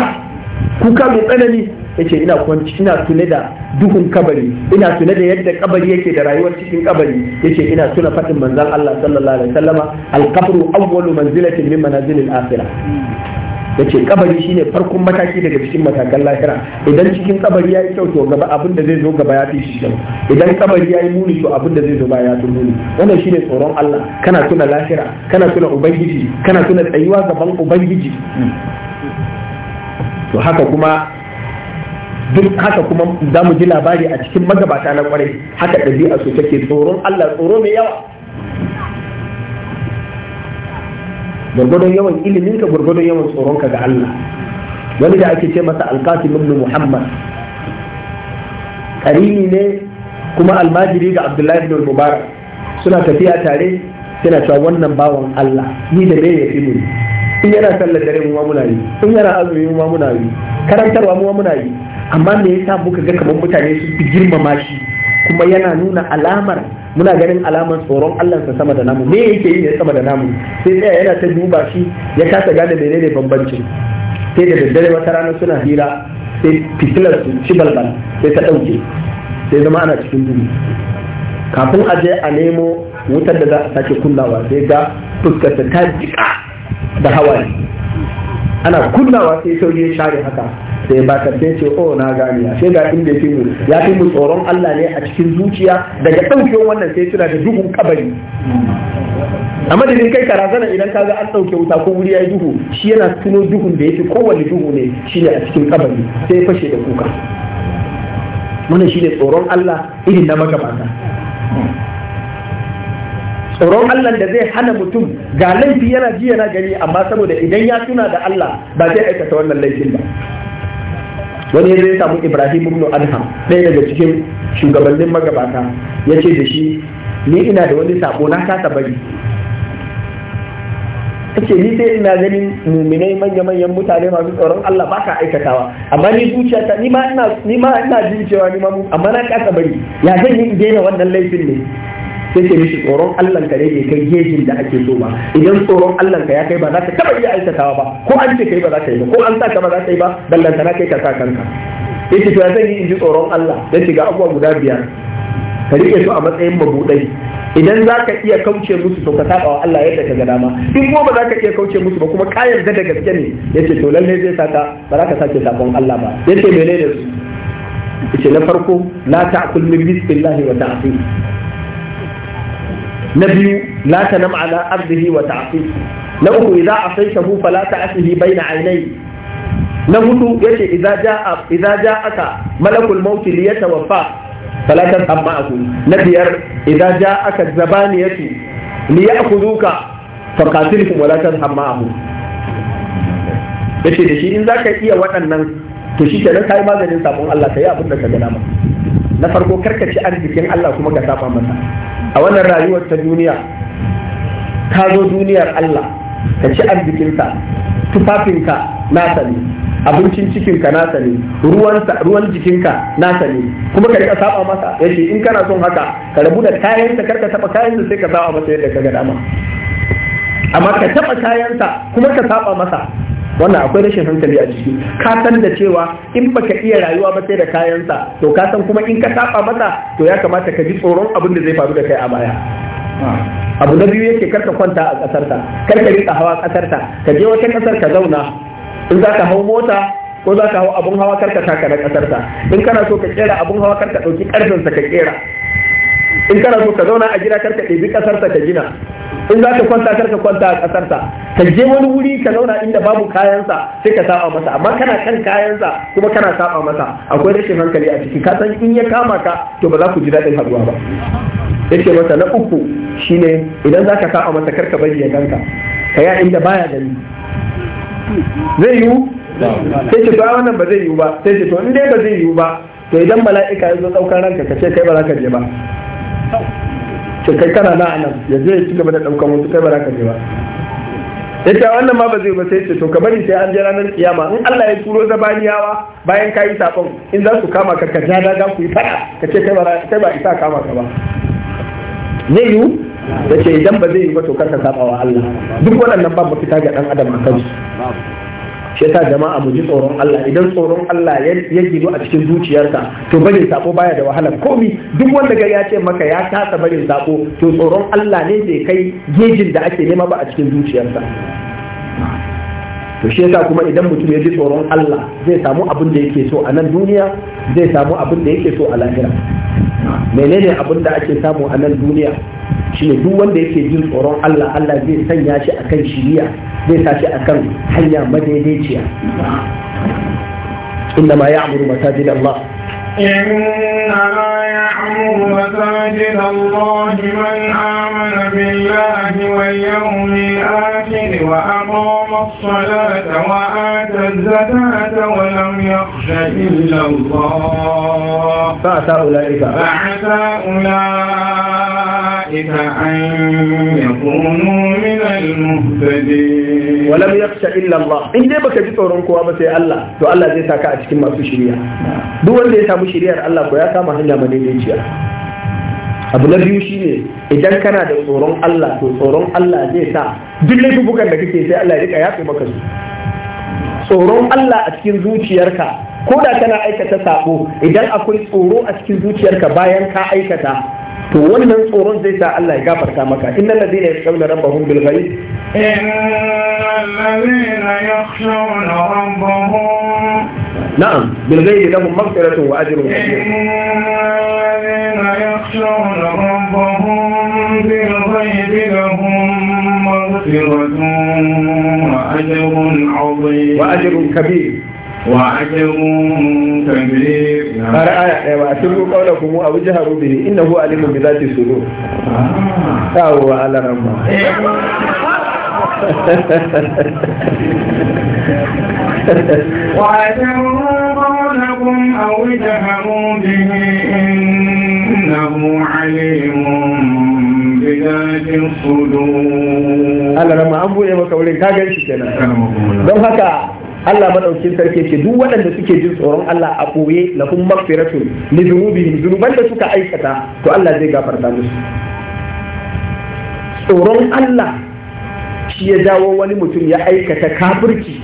kuka mai tsanani yace ina kwanci ina tune da duhun kabari ina tune da yadda kabari yake da rayuwar cikin kabari yace ina tuna fadin manzon Allah sallallahu alaihi wasallama al-qabru awwalu manzilatin min manazilil akhirah ce kabari shine farkon mataki daga cikin matakan lahira idan cikin kabari yayi kyau to gaba abin da zai zo gaba ya fi shi kyau idan kabari yayi muni to abin da zai zo baya ya fi muni wannan shine tsoron Allah kana tuna lahira kana tuna ubangiji kana tuna tsayuwa gaban ubangiji to haka kuma duk haka kuma za mu ji labari a cikin magabata na kwarai haka ɗabi'a su take tsoron Allah tsoro mai yawa gwargwadon yawan ilimin ka gwargwadon yawan tsoron ka ga Allah wani da ake ce masa alqasim ibn muhammad karimi ne kuma almajiri ga abdullahi ibn mubarak suna tafiya tare suna cewa wannan bawan Allah ni da bai yafi mu in yana sallar dare mu muna yi in yana azumi mu muna yi karantarwa mu muna yi amma me yasa muka ga kamar mutane su fi girmama shi kuma yana nuna alamar muna ganin alamar tsoron Allah sa sama da namu me yake yi ne sama da namu sai tsaya yana ta duba shi ya kasa gane menene bambanci sai da daddare wata rana suna hira sai fitilar su ci balbal sai ta dauke sai zama ana cikin duhu kafin a je a nemo wutar da za a sake kunnawa sai ga fuskar ta jika da hawaye ana kunnawa sai sauye ya share haka sai ba ka ce 'O oh, na gane sai ga inda yake mu ya fi mu tsoron Allah ne a cikin zuciya daga ɗaukewar wannan sai tuna da duhun kabari a madadin kai razana idan ka ga an ɗauke wuta ko wuri ya yi duhu shi yana tuno duhun da yake kowane duhu ne shi ne a cikin kabari sai fashe da kuka wannan shi ne tsoron Allah irin na magabata tsoron Allah da zai hana mutum ga laifi yana ji yana gani amma saboda idan ya tuna da Allah ba zai aikata wannan laifin ba wani ya zai samu ibrahim ibn Alha, ɗaya daga cikin shugabannin magabata ya ce da shi ni ina da wani sako na kasa bari ce ni sai ina ganin muminai manya manyan mutane masu tsoron Allah ba ka aikatawa amma ni zuciyata ni ma ina ni jin cewa ni ma amma na kasa bari ya zan yi daina wannan laifin ne sai mishi tsoron Allah ka rage kai gejin da ake so ba idan tsoron Allah ka ya kai ba za ka taba iya aikatawa ba ko an ce kai ba za ka yi ba ko an sa ka ba za ka yi ba dallanta na kai ka sa kanka yace to zan yi in ji tsoron Allah dan shiga abubuwa guda biyar ka rike su a matsayin mabudai idan za ka iya kauce musu to ka saba wa Allah yadda ka ga dama in kuma ba za ka iya kauce musu ba kuma ka yarda da gaske ne yace to lalle zai saka ba za ka sake sakon Allah ba yace menene su yace na farko la ta'kul min bismillah wa ta'fi na biyu la tanam ala ardihi wa ta'qib na uku idza asaytahu fala ta'tihi baina aynayhi na hudu yace idza jaa idza jaaka malakul maut liyatawaffa fala tasab ma'ahu na biyar idza jaaka zabaniyatu liya'khudhuka faqatilhum wala tanham ma'ahu yace da shi in zaka iya waɗannan to shi kenan kai maganin sabon Allah kai abin da ka ga dama na farko karkace arzikin Allah kuma ka saba masa a wannan rayuwar ta duniya ka zo duniyar Allah ka ci arzikinka tufafinka nasa ne abincin cikinka nasa ne ruwan jikinka nasa ne kuma ka rika saba masa yace in kana son haka ka rabu da kayan ka karka taba kayan sai ka saba masa yadda ka ga dama amma ka taba kayan kuma ka saba masa wannan akwai rashin hankali a ciki ka san da cewa in baka iya rayuwa ba sai da kayansa to ka san kuma in ka saba masa to ya kamata ka ji tsoron abin da zai faru da kai a baya abu na biyu yake karka kwanta a kar karka rika hawa kasarta ka je wata kasar ka zauna in za ka hau mota ko za ka hau abun hawa karka taka na kasarta in kana so ka kera abun hawa karka ɗauki ƙarfinsa ka kera in kana so ka zauna a gida karka ɗebi kasarta ka gina in za ka kwanta karka kwanta a ƙasarsa ka je wani wuri ka zauna inda babu kayansa sai ka saba masa amma kana kan kayansa kuma kana saba masa akwai rashin hankali a ciki ka san in ya kama ka to ba za ku ji daɗin haɗuwa ba yake masa na uku shine idan za ka saba masa karka bari ya ganka ka ya inda baya gani zai yiwu sai ce to wannan ba zai yiwu ba sai ce to in dai ba zai yiwu ba to idan mala'ika ya zo ɗaukar ranka ka ce kai ba za ka je ba ce kai kana na anan ya je ya ci gaba da ɗaukan wasu kai ba za ka je ba ya ce wannan ma ba zai ba sai ce to ka bari sai an je ranar kiyama in Allah ya turo zabaniyawa bayan ka yi sabon in za su kama ka ka jada za ku yi fara ka ce kai ba isa kama ka ba zai yiwu ya ce idan ba zai yi ba to kar ka saba wa Allah duk waɗannan ba mafita ga ɗan adam a kansu shi yasa jama'a mu ji tsoron Allah idan tsoron Allah ya gido a cikin zuciyarka to barin sako baya da wahala komi duk wanda ga ya ce maka ya kasa barin sako to tsoron Allah ne zai kai gejin da ake nema ba a cikin zuciyarsa to shi yasa kuma idan mutum ya ji tsoron Allah zai samu abin da yake so a nan duniya zai samu abin da yake so a lahira menene abin da ake samu a nan duniya shine duk wanda yake jin tsoron Allah Allah zai sanya shi akan shiriya zai sa shi akan hanya madaidaiciya inna ma ya'muru masajid Allah إنما يعمر مساجد الله man آمن بالله واليوم الآخر وأقوم الصلاة وآت الزكاة ولم يخش إلا الله فعسى أولئك فعسى أولئك أن يكونوا من المهتدين ولم يخش إلا الله إن دي بك جيت ورنكو وابسي الله تو الله زي ساكا أتكلم في شريعة دول زي سامو شريعة الله كوياتا ما هنجا منين يجيها abu na biyu ne idan kana da tsoron Allah to tsoron Allah zai sa duk laifukan da kake sai Allah ya rika yafe maka su tsoron Allah a cikin zuciyarka ko da kana aikata sabo idan akwai tsoro a cikin zuciyarka bayan ka aikata to wannan tsoron zai sa Allah ya gafarta maka inna ladina yakhshawna rabbahum bil ghaib inna ladina yakhshawna rabbahum نعم بالغيب لهم مغفرة وأجر كبير الذين يخشون ربهم بالغيب لهم مغفرة وأجر عظيم وأجر كبير وأجر كبير فرأى آية، وأسروا قولكم أو جهروا به إنه عليم بذات الصدور آه. آه، هو على ربه. وأتموا قولكم أو اجهروا به إنه عليم بذات الصدور don haka Allah madaukin sarki ce duk waɗanda suke jin tsoron Allah a koye lahum maghfiratun li dhunubihim zunuban da suka aikata to Allah zai gafarta musu tsoron Allah shi ya dawo wani mutum ya aikata kafirci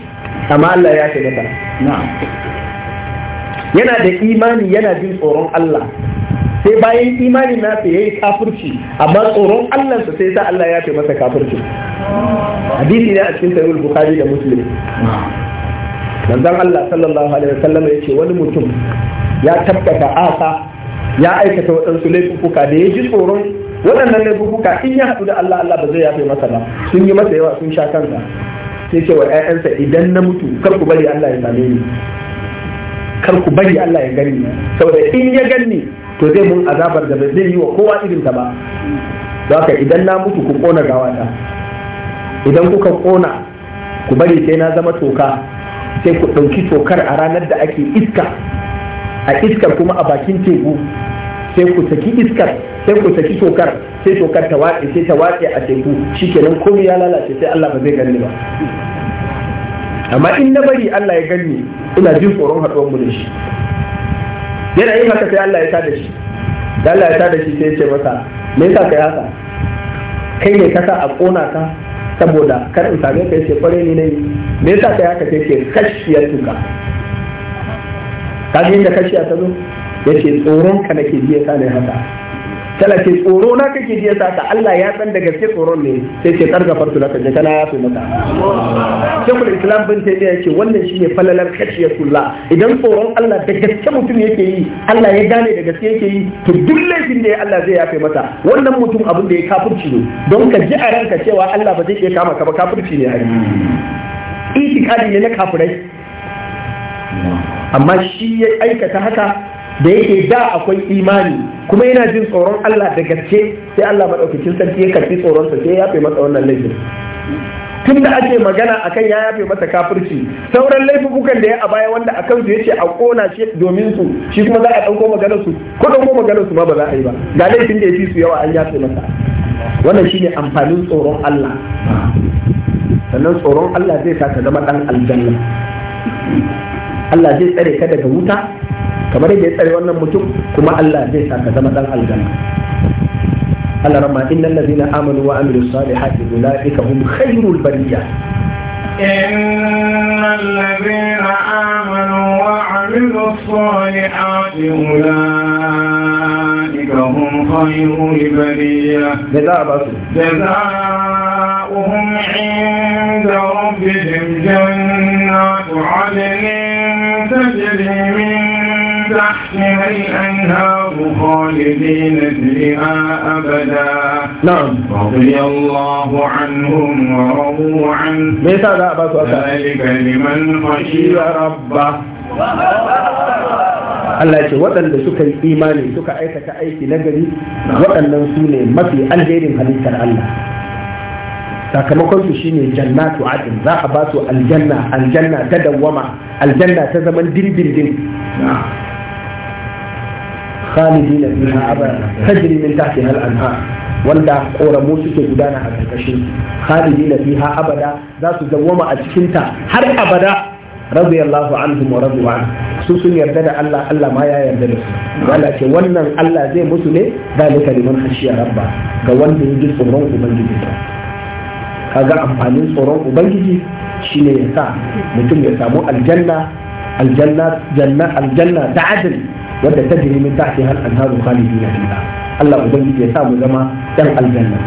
amma Allah ya shiga ta yana da imani yana jin tsoron Allah sai bayan imanin ya yi kafirci amma tsoron Allah su sai sa Allah ya fi masa kafirci hadisi ne a cikin tarihul bukhari da muslim manzon Allah sallallahu alaihi wasallam ce wani mutum ya tabbata asa ya aikata waɗansu laifuka da ya ji tsoron waɗannan laifuka in ya haɗu da Allah Allah ba zai yafe masa ba sun yi masa yawa sun sha kansa sai ce wa ƴaƴansa idan na mutu kar ku bari Allah ya same ni kar ku bari Allah ya gani saboda in ya gani to zai mun azabar da ba zai yi wa kowa irin ta ba don haka idan na mutu ku kona gawata idan kuka kona ku bari sai na zama toka sai ku ɗauki tokar a ranar da ake iska a iskar kuma a bakin teku sai ku saki iskar sai ku saki tokar sai tokar ta waƙe sai ta waƙe a teku shikenan komai ya lalace sai Allah ba zai ganni ba amma in na bari Allah ya ganni ina jin tsoron haɗuwar mu da shi yana yin haka sai Allah ya tada shi da Allah ya tada shi sai ya ce masa me yasa kai haka kai ne kasa a kona ka saboda kar in same ka yace kware ni nayi me yasa kai haka sai ce kashiya tuka ka ji inda kashiya ta zo yace tsoron ka nake biye ka ne haka Tala ce tsoro na kake ji yasa ka Allah ya san da gaske tsoron ne sai ce karga farko na kaje kana yafe maka shekul islam bin ya yace wannan shine falalar kashiyatullah idan tsoron Allah da gaske mutum yake yi Allah ya gane da gaske yake yi to duk laifin da ya Allah zai yafe masa wannan mutum abin da ya kafirci ne don ka ji a ranka cewa Allah ba zai iya kama ka ba kafirci ne a itikadi ne na kafirai amma shi ya aikata haka da yake da akwai imani kuma yana jin tsoron Allah da gaske sai Allah madaukakin sarki ya karbi tsoronsa sai ya yafe masa wannan laifin tun da ake magana akan ya yafe masa kafirci sauran laifukan da ya a baya wanda akan su yace a kona shi domin su shi kuma za a dauko maganar su ko dauko maganar su ma ba za a yi ba ga laifin da fi su yawa an yafe masa wannan shine amfanin tsoron Allah sannan tsoron Allah zai sa zama dan aljanna Allah zai tsare ka daga wuta kamar yadda ya tsare wannan mutum kuma Allah zai sa ka zama dan aljanna Allah rama innal ladina amanu wa amilu salihati ulaika hum khairul bariyah innal ladina إن الذين آمنوا وعملوا الصالحات أولئك هم خير البرية جزاؤهم عند ربهم جنات عدن تجري من تحتها الأنهار خالدين فيها أبدا نعم رضي الله عنهم ورضوا عنه ذلك لمن خشي ربه Allah ce waɗanda suka yi imani suka aikata aiki na gari waɗannan su ne mafi alherin halittar Allah sakamakon su shine jannatu adin za a ba su aljanna aljanna ta dawwama aljanna ta zaman dindindin خالدين فيها أبدا تجري من تحتها الأنهار wanda ƙoramu suke gudana a ƙarƙashin khalidina fiha abada za su dawwama a cikinta har abada radiyallahu anhum wa radu an su sun yarda da Allah Allah ma ya yarda da su wala ce wannan Allah zai musu ne dalika liman khashiya rabba ga wanda ya ji tsoron ubangiji kaga amfanin tsoron ubangiji shine ya sa mutum ya samu aljanna aljanna janna aljanna ta adali wadda ta jiri min tahti hal anharu na fiha Allah ubangiji ya sa mu zama dan aljanna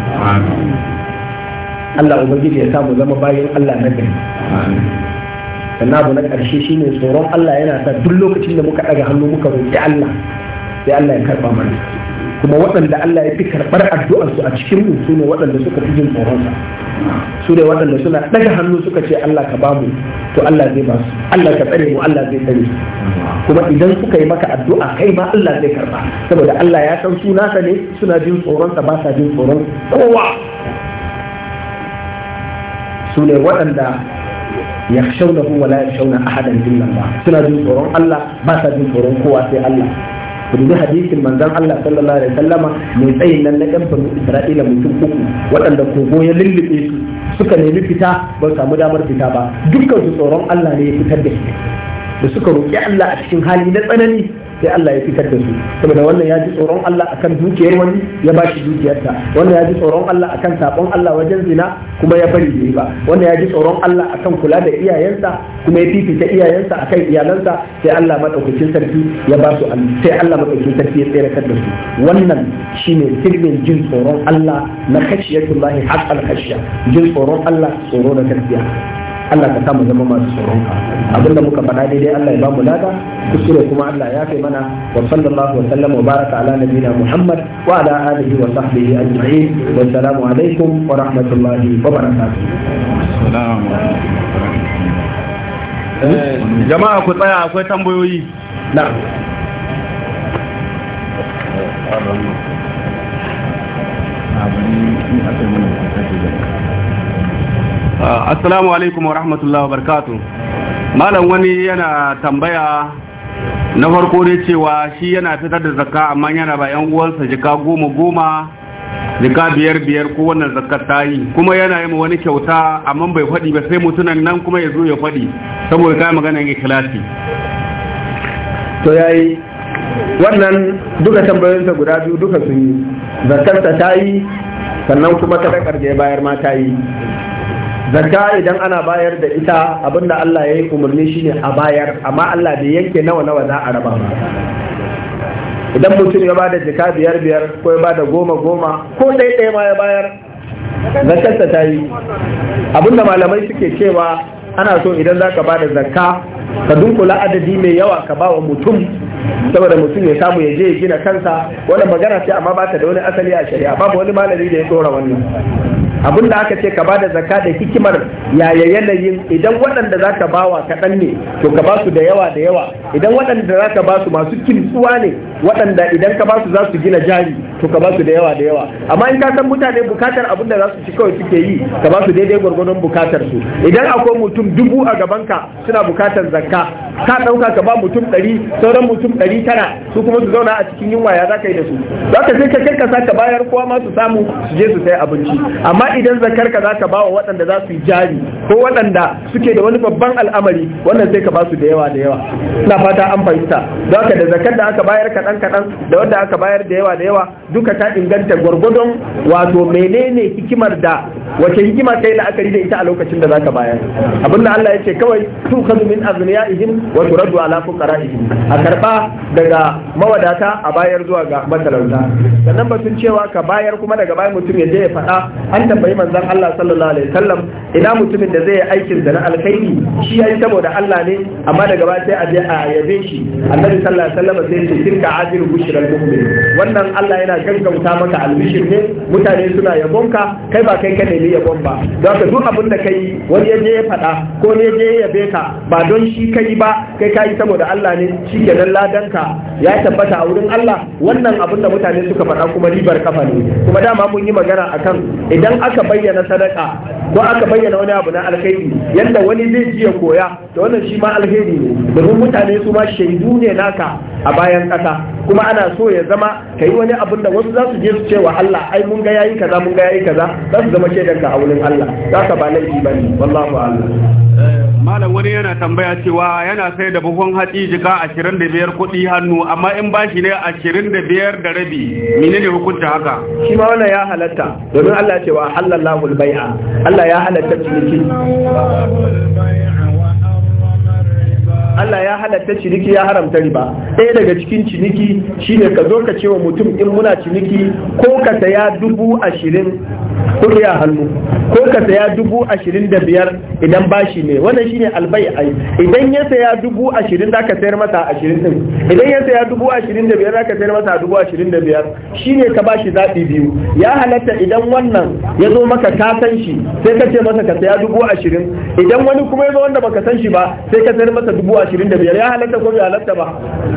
Allah ubangiji ya sa mu zama bayan Allah na gari sannan abu na ƙarshe shine tsoron Allah yana sa duk lokacin da muka ɗaga hannu muka roƙi Allah sai Allah ya karɓa mana kuma waɗanda Allah ya fi karɓar addu'arsu a cikin mu su ne waɗanda suka fi jin tsoronsa su ne waɗanda suna ɗaga hannu suka ce Allah ka bamu to Allah zai ba su Allah ka tsare mu Allah zai tsare kuma idan suka yi maka addu'a kai ma Allah zai karɓa saboda Allah ya san sunansa ne suna jin tsoronsa ba sa jin tsoron kowa su ne waɗanda shauna kuma la yakhshawna ahadan illa ba, suna jin tsoron Allah ba sa jin tsoron kowa sai Allah ku hadisin manzon Allah sallallahu alaihi wasallama mai tsayin nan na ɗan banu Isra'ila mutum uku waɗanda kogo ya lullube su suka nemi fita ba samu damar fita ba dukkan su tsoron Allah ne ya fitar da su da suka roƙi Allah a cikin hali na tsanani sai Allah ya fitar da su saboda wannan ya ji tsoron Allah akan dukiyar wani ya ba shi dukiyarsa wannan ya ji tsoron Allah akan sabon Allah wajen zina kuma ya bari bai ba wannan ya ji tsoron Allah akan kula da iyayensa kuma ya fifita iyayensa akan iyalansa sai Allah madaukakin sarki ya ba su sai Allah madaukakin sarki ya tsere da su wannan shine sirrin jin tsoron Allah na khashiyatullahi haqqal khashiya jin tsoron Allah tsoro na gaskiya Allah ka samu zama masu tsoron abinda muka faɗa daidai Allah ya bamu lada kuskure kuma Allah ya kai mana wa sallallahu wa sallam wa baraka ala nabiyina Muhammad wa ala alihi wa sahbihi ajma'in wa assalamu alaikum wa rahmatullahi wa barakatuh jama'a ku tsaya akwai tambayoyi na abin aka yi mana kusa da Ah, assalamu alaikum wa rahmatullahi wa barkatu malam wani yana tambaya na farko ne cewa shi yana fitar da zakka amma yana ba yan uwansa jika goma goma jika biyar biyar ko wannan zakkar ta yi kuma yana yi wani kyauta amma bai faɗi ba sai mutunan nan kuma ya zo ya faɗi saboda kai maganar ikhlasi to yayi wannan duka tambayoyinsa guda biyu duka sun yi zakkarsa ta yi sannan kuma ta ɗan ya bayar ma ta yi zakka idan ana bayar da ita abinda Allah ya yi umarni shine a bayar amma Allah bai yanke nawa nawa za a raba idan mutum ya bada jika biyar biyar ko ya bada goma goma ko ɗaya ɗaya ma ya bayar zakkarsa ta yi abinda malamai suke cewa ana so idan za ka bada zakka ka dunkula adadi mai yawa ka ba wa mutum saboda mutum ya samu ya je ya gina kansa wannan magana ce amma ba ta da wani asali a shari'a babu wani malami da ya tsora wannan abin da aka ce ka ba da zaka da hikimar yaya yanayin idan waɗanda za ka bawa kaɗan ne to ka ba su da yawa da yawa idan waɗanda za ka ba su masu kintsuwa ne waɗanda idan ka ba su za su gina jari to ka ba su da yawa da yawa amma in ka san mutane bukatar abin da za su ci kawai suke yi ka ba su daidai gwargwadon bukatar su idan akwai mutum dubu a gaban ka suna bukatar zakka ka ɗauka ka ba mutum ɗari sauran mutum ɗari tara su kuma su zauna a cikin yunwa ya za ka yi da su za ka sai ka karkasa ka bayar kowa ma su samu su je su sai abinci amma idan zakar ka za ka ba wa waɗanda za su yi jari ko waɗanda suke da wani babban al'amari wannan sai ka ba su da yawa da yawa na fata an fahimta za ka da zakar da aka bayar kaɗan kaɗan da wanda aka bayar da yawa da yawa duka ta inganta gwargwadon wato menene hikimar da wace hikima kai la'akari da ita a lokacin da za ka bayar abinda Allah ya ce kawai tu kazu min azniya'ihim wato turaddu ala fuqara'i a karba daga mawadata a bayar zuwa ga matalauta sannan batun cewa ka bayar kuma daga bayan mutum ya je ya faɗa an tambayi manzon Allah sallallahu alaihi wasallam ina mutumin da zai yi aikin da na alkhairi shi yayi saboda Allah ne amma daga baya sai a je a yabe shi annabi sallallahu alaihi wasallam sai ce tilka ajir bushral mu'min wannan Allah yana gaggauta maka albishir ne mutane suna yabonka kai ba kai ka ne yabon ba don ka duk abin da kai wani ya je ya faɗa ko ne ya je ya yabe ka ba don shi kai ba kai ka yi saboda Allah ne shi ke nan ladanka ya tabbata a wurin Allah wannan abin da mutane suka faɗa kuma ribar kafa ne kuma dama mun yi magana akan idan aka bayyana sadaka ko aka bayyana wani abu na alkhairi yanda wani zai ji ya koya to wannan shi ma alheri ne domin mutane su ma shaidu ne naka a bayan ƙasa kuma ana so ya zama ka wani abin da wasu za su je su ce wa Allah ai mun ga yayi kaza mun ga yayi kaza za su zama shaidanka a wurin Allah za ka ba laifi bane wallahu a'lam malam wani yana tambaya cewa yana sai da buhun hatsi jika 25 kuɗi hannu amma in ba shi ne 25 da rabi ne hukunta haka shi ma wannan ya halatta domin Allah ya ce wa halallahu al-bai'a Allah ya halatta ciniki Allah ya halatta ciniki ya haramta riba ɗaya daga cikin ciniki shine ka zo ka cewa mutum in muna ciniki ko ka saya dubu ashirin kuɗi a hannu ko ka saya dubu ashirin da biyar idan bashi ne wannan shine albai ai idan ya saya dubu ashirin za ka sayar masa ashirin din idan ya saya dubu ashirin da biyar za ka sayar masa dubu ashirin da biyar shine ka bashi zaɓi biyu ya halatta idan wannan ya zo maka ka san shi sai ka ce masa ka saya dubu ashirin idan wani kuma ya zo wanda baka san shi ba sai ka sayar masa dubu ashirin ashirin da biyar ya halatta ko bai halatta ba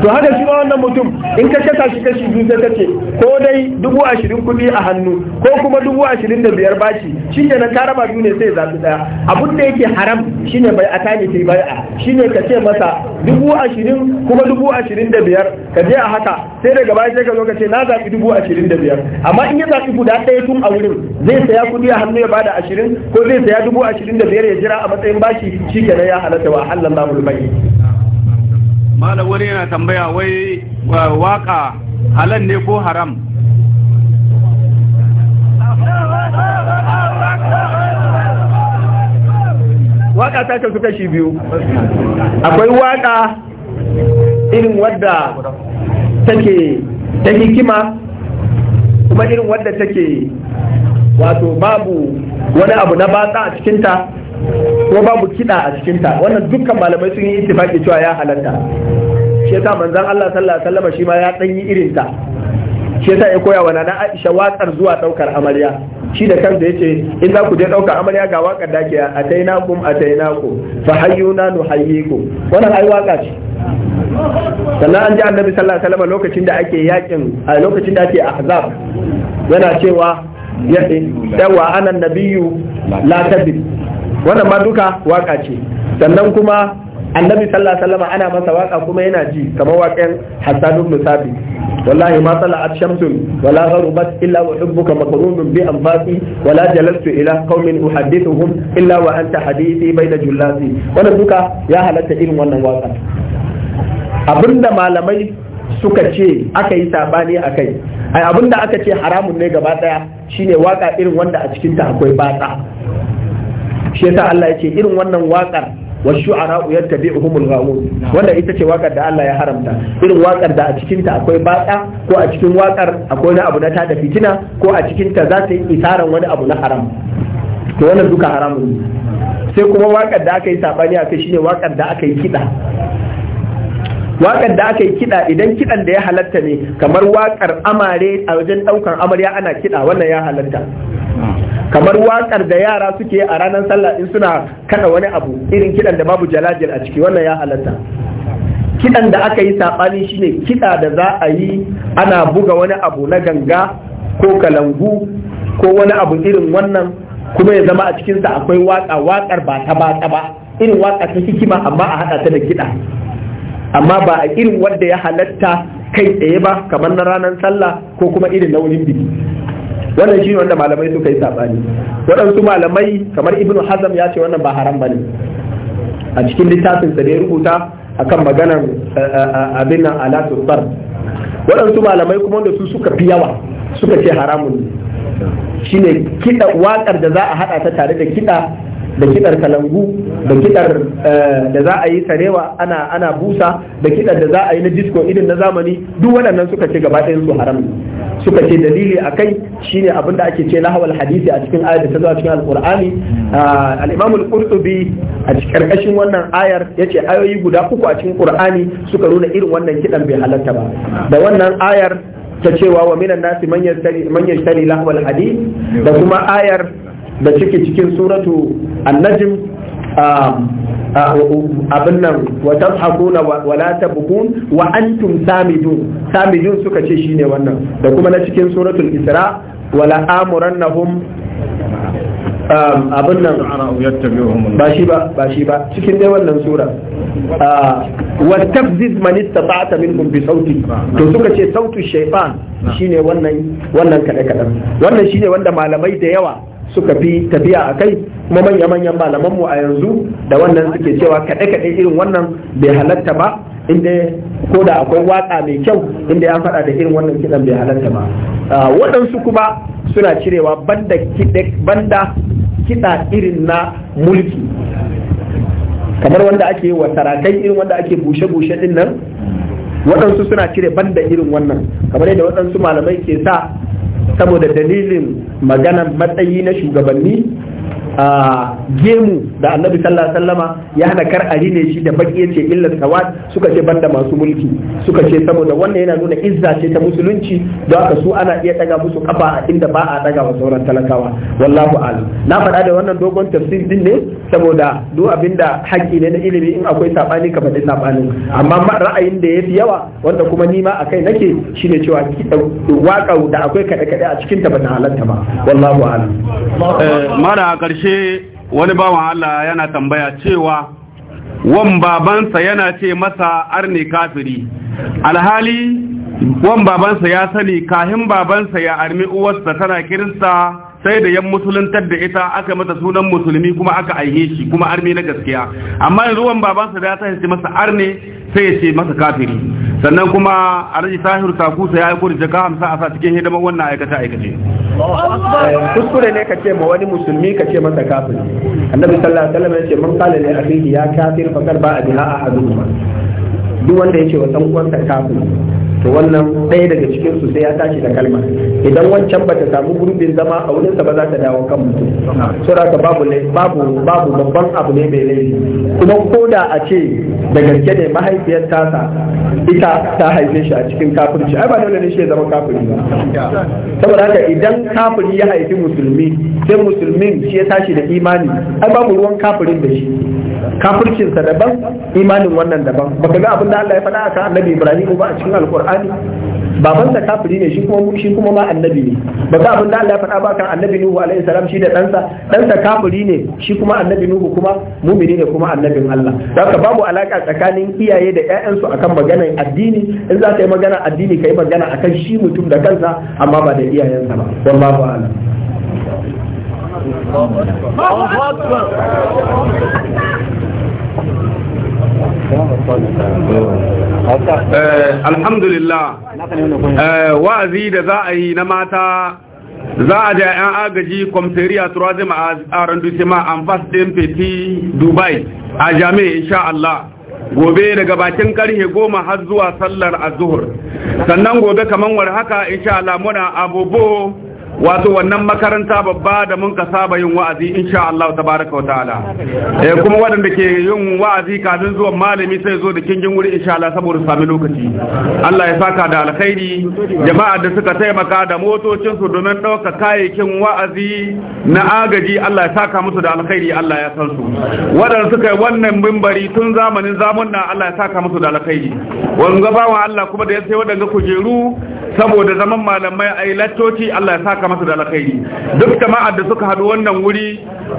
to haka shi ma wannan mutum in ka kasa shi kashi biyu sai kace ko dai dubu ashirin kuɗi a hannu ko kuma dubu ashirin da biyar bashi shi ne na karaba biyu ne sai zaɓi ɗaya abin da yake haram shi ne bai atani fil bai'a shi ne ka ce masa dubu ashirin kuma dubu ashirin da biyar ka je a haka sai daga baya sai ka zo ka ce na zaɓi dubu ashirin da biyar amma in ya zaɓi guda ɗaya tun a wurin zai saya kuɗi a hannu ya bada ashirin ko zai saya dubu ashirin da biyar ya jira a matsayin bashi shi kenan ya halatta wa halalla mulmai malam wani yana tambaya wai waka halal ne ko haram waka ta kasu kashi biyu akwai waka irin wadda take ta hikima kuma irin wadda take wato babu wani abu na batsa a cikinta ko babu kiɗa a cikinta wannan dukkan malamai sun yi ittifaki cewa ya halatta shi yasa manzon Allah sallallahu alaihi wasallam shi ma ya dan yi irin ta shi yasa ya koya wa nana Aisha waƙar zuwa ɗaukar amarya shi da kansa yace in za ku je ɗaukar amarya ga waƙar da ake atainakum ku, fa hayyuna nuhayyikum wannan ai waƙa ce sannan an ji annabi sallallahu alaihi wasallam lokacin da ake yakin a lokacin da ake ahzab yana cewa yawa ana nabiyyu la tabi wannan ma duka waka ce sannan kuma annabi sallallahu alaihi wasallam ana masa waka kuma yana ji kamar wakan Hassan ibn Sabit wallahi ma tala'at shamsun wala gharubat illa wa hubbuka maqrunun bi anfasi wala jalastu ila qaumin uhaddithuhum illa wa anta hadithi bayna jullasi wannan duka ya halatta irin wannan waka abinda malamai suka ce aka yi sabani akai. kai ai abinda aka ce haramun ne gaba daya shine waka irin wanda a cikin ta akwai batsa shi yasa Allah ya ce irin wannan waƙar wa shu'ara yattabi'uhumul ghawun wanda ita ce waƙar da Allah ya haramta irin waƙar da a cikin ta akwai batsa ko a cikin waƙar akwai wani abu na tada fitina ko a cikin ta za ta yi isaran wani abu na haram to wannan duka haramun sai kuma waƙar da aka yi sabani kai shine waƙar da aka yi kiɗa waƙar da aka yi kiɗa idan kiɗan da ya halatta ne kamar waƙar amare a wajen ɗaukar amarya ana kiɗa wannan ya halatta kamar wakar da yara suke a ranar sallah in suna kada wani abu irin kidan da babu jalajil a ciki wannan ya halatta kidan da aka yi sabani shine kida da za a yi ana buga wani abu na ganga ko kalangu ko wani abu irin wannan kuma ya zama a cikinsa akwai waka wakar ba ta ba ta ba irin waka ta hikima amma a hada ta da kida amma ba a irin wanda ya halatta kai tsaye ba kamar na ranar sallah ko kuma irin na wurin biki wannan shi wanda malamai suka yi sabani waɗansu malamai kamar ibnu hazam ya ce wannan ba haram ne. a cikin littafin sa da ya rubuta akan maganar eh, eh, eh, abin nan ala tutar waɗansu malamai kuma wanda su suka fi yawa suka ce haramun ne shine kiɗa wakar da za a haɗa ta tare da kiɗa da kidar kalangu da kidar eh, da za a yi sarewa ana ana busa da kidar da za a yi na disco irin na zamani duk waɗannan suka ce gaba ɗayan su haram suka ce dalili a kai shine abin da ake ce hawal hadisi a cikin ayar da ta zo a cikin alqur'ani ah, al-imam al-qurtubi a cikin karkashin wannan ayar yace ayoyi guda uku a cikin qur'ani suka nuna irin wannan kidan bai halatta ba da wannan ayar ta cewa wa minan nasi man yashtari man yashtari lahwal hadith da kuma ayar da cike cikin suratu annajim um, uh, um, abin nan wa tadhakuna wa la tabkun wa antum samidun samidun suka ce shi ne wannan da kuma na cikin suratul isra wala amurannahum um, abin nan ba shi ba ba shi ba cikin dai wannan sura uh, wa tabzid man istata'ta minkum bi sauti to suka ce sautu shaytan shine wannan wannan kada kada wannan shine wanda malamai da yawa suka fi tafiya a kai kuma manya-manyan malamanmu a yanzu da wannan suke cewa kaɗe-kaɗe irin wannan bai halatta ba inda ko da akwai waka mai kyau inda ya faɗa da irin wannan kiɗan bai halatta ba ah, waɗansu kuma suna cirewa banda banda kiɗa irin na mulki kamar wanda ake wa sarakai irin wanda ake bushe-bushe din nan waɗansu suna cire banda irin wannan kamar yadda waɗansu malamai ke sa saboda dalilin magana matsayi na shugabanni a gemu da annabi sallallahu alaihi wasallama ya hana kar a rine shi da baki yace illa sawat suka ce banda masu mulki suka ce saboda wannan yana nuna izza ce ta musulunci da haka su ana iya daga musu kafa a inda ba a daga wa sauran talakawa wallahu alim na faɗa da wannan dogon tafsir din ne saboda duk abinda haƙƙi ne na ilimi in akwai sabani ka faɗi sabanin amma ra'ayin da yafi yawa wanda kuma ni ma akai nake shine cewa waka da akwai kaɗe-kaɗe a cikin ta bata halatta ba wallahu alim eh, mara a ƙarshe wani bawan Allah yana tambaya cewa wan babansa yana ce masa arne kafiri alhali wan babansa ya sani kahin babansa ya armi uwarsa tana kirista sai da yan musuluntar da ita aka mata sunan musulmi kuma aka aihe shi kuma arme na gaskiya amma yanzu wan babansa da ya tashi masa arne sai ya ce masa kafiri sannan kuma arji tahir takusa ya aiko da jaka hamsa a sa cikin hidimar wannan aikace aikace eh, kuskure ne ka ce ma wani musulmi ka ce masa kafiri annabi sallallahu alaihi wasallam ya ce man qala li akhihi ya kafir fa faqad ba'a biha ahaduhuma duk wanda ya ce wa san uwansa kafiri to wannan ɗaya daga cikin su sai ya tashi da kalma idan wancan bata samu gurbin zama a wurin sa ba za ta dawo kan mutum saboda ka babu babu babu babban abu ne mai laifi kuma ko da a ce da gaske ne mahaifiyar tasa ita ta haife shi a cikin kafirci ai ba dole ne shi ya zama kafiri ba saboda haka idan kafiri ya haifi musulmi sai musulmin shi ya tashi da imani ai babu ruwan kafirin da shi kafircinsa daban imanin wannan daban baka ga abin da Allah ya faɗa kan annabi Ibrahim ba a cikin alkur'ani babansa kafiri ne shi kuma shi kuma ma annabi ne baka abin da Allah ya faɗa ba kan annabi Nuhu alaihi salam shi da ɗansa ɗansa kafiri ne shi kuma annabi Nuhu kuma mumini ne kuma annabin Allah haka babu alaka tsakanin iyaye da 'ya'yansu akan maganar addini in za ka yi magana addini ka yi magana akan shi mutum da kansa amma ba da iyayensa ba wallahu a'lam Eh, alhamdulillah eh, wa'azi da za a yi na mata za a ja 'yan agaji kwamferiya ma a randusima ɗin feti dubai a jami'a insha Allah gobe daga bakin karhe goma har zuwa sallar azuhur sannan gobe kamar war haka insha Allah muna abubuwa wato wannan makaranta babba da mun ka saba yin wa'azi insha Allah tabaraka wa ta'ala eh kuma waɗanda ke yin wa'azi kafin zuwan malami sai zo da kingin wuri insha Allah saboda sami lokaci Allah ya saka da alkhairi jama'a da suka taimaka da motocin su domin ɗauka kayayyakin wa'azi na agaji Allah ya saka musu da alkhairi Allah ya san su Wadanda suka yi wannan mimbari tun zamanin zamunna Allah ya saka musu da alkhairi wanga bawa Allah kuma da ya sai waɗanda kujeru saboda zaman malamai ai lattoci Allah ya saka saka masa da alkhairi duk jama'ar da suka haɗu wannan wuri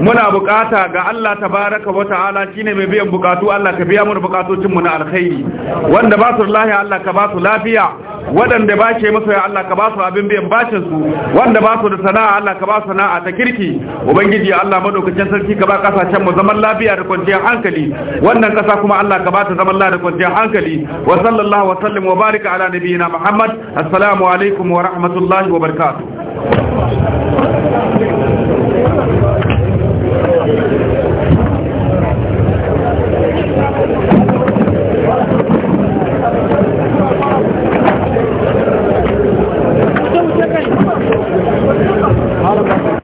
muna bukata ga Allah tabaaraka wa ta'ala shine mai biyan bukatu Allah ka biya mu bukatocin mu na alkhairi wanda ba su lafiya Allah ka ba su lafiya waɗanda ba ke musu ya Allah ka ba su abin biyan bacin su wanda ba su da sana'a Allah ka ba sana'a ta kirki ubangiji Allah madaukakin sarki ka ba kasashen mu zaman lafiya da kwanciyar hankali wannan kasa kuma Allah ka ba ta zaman lafiya da kwanciyar hankali wa sallallahu wa sallim wa barika ala nabiyina Muhammad assalamu alaikum wa rahmatullahi wa barakatuh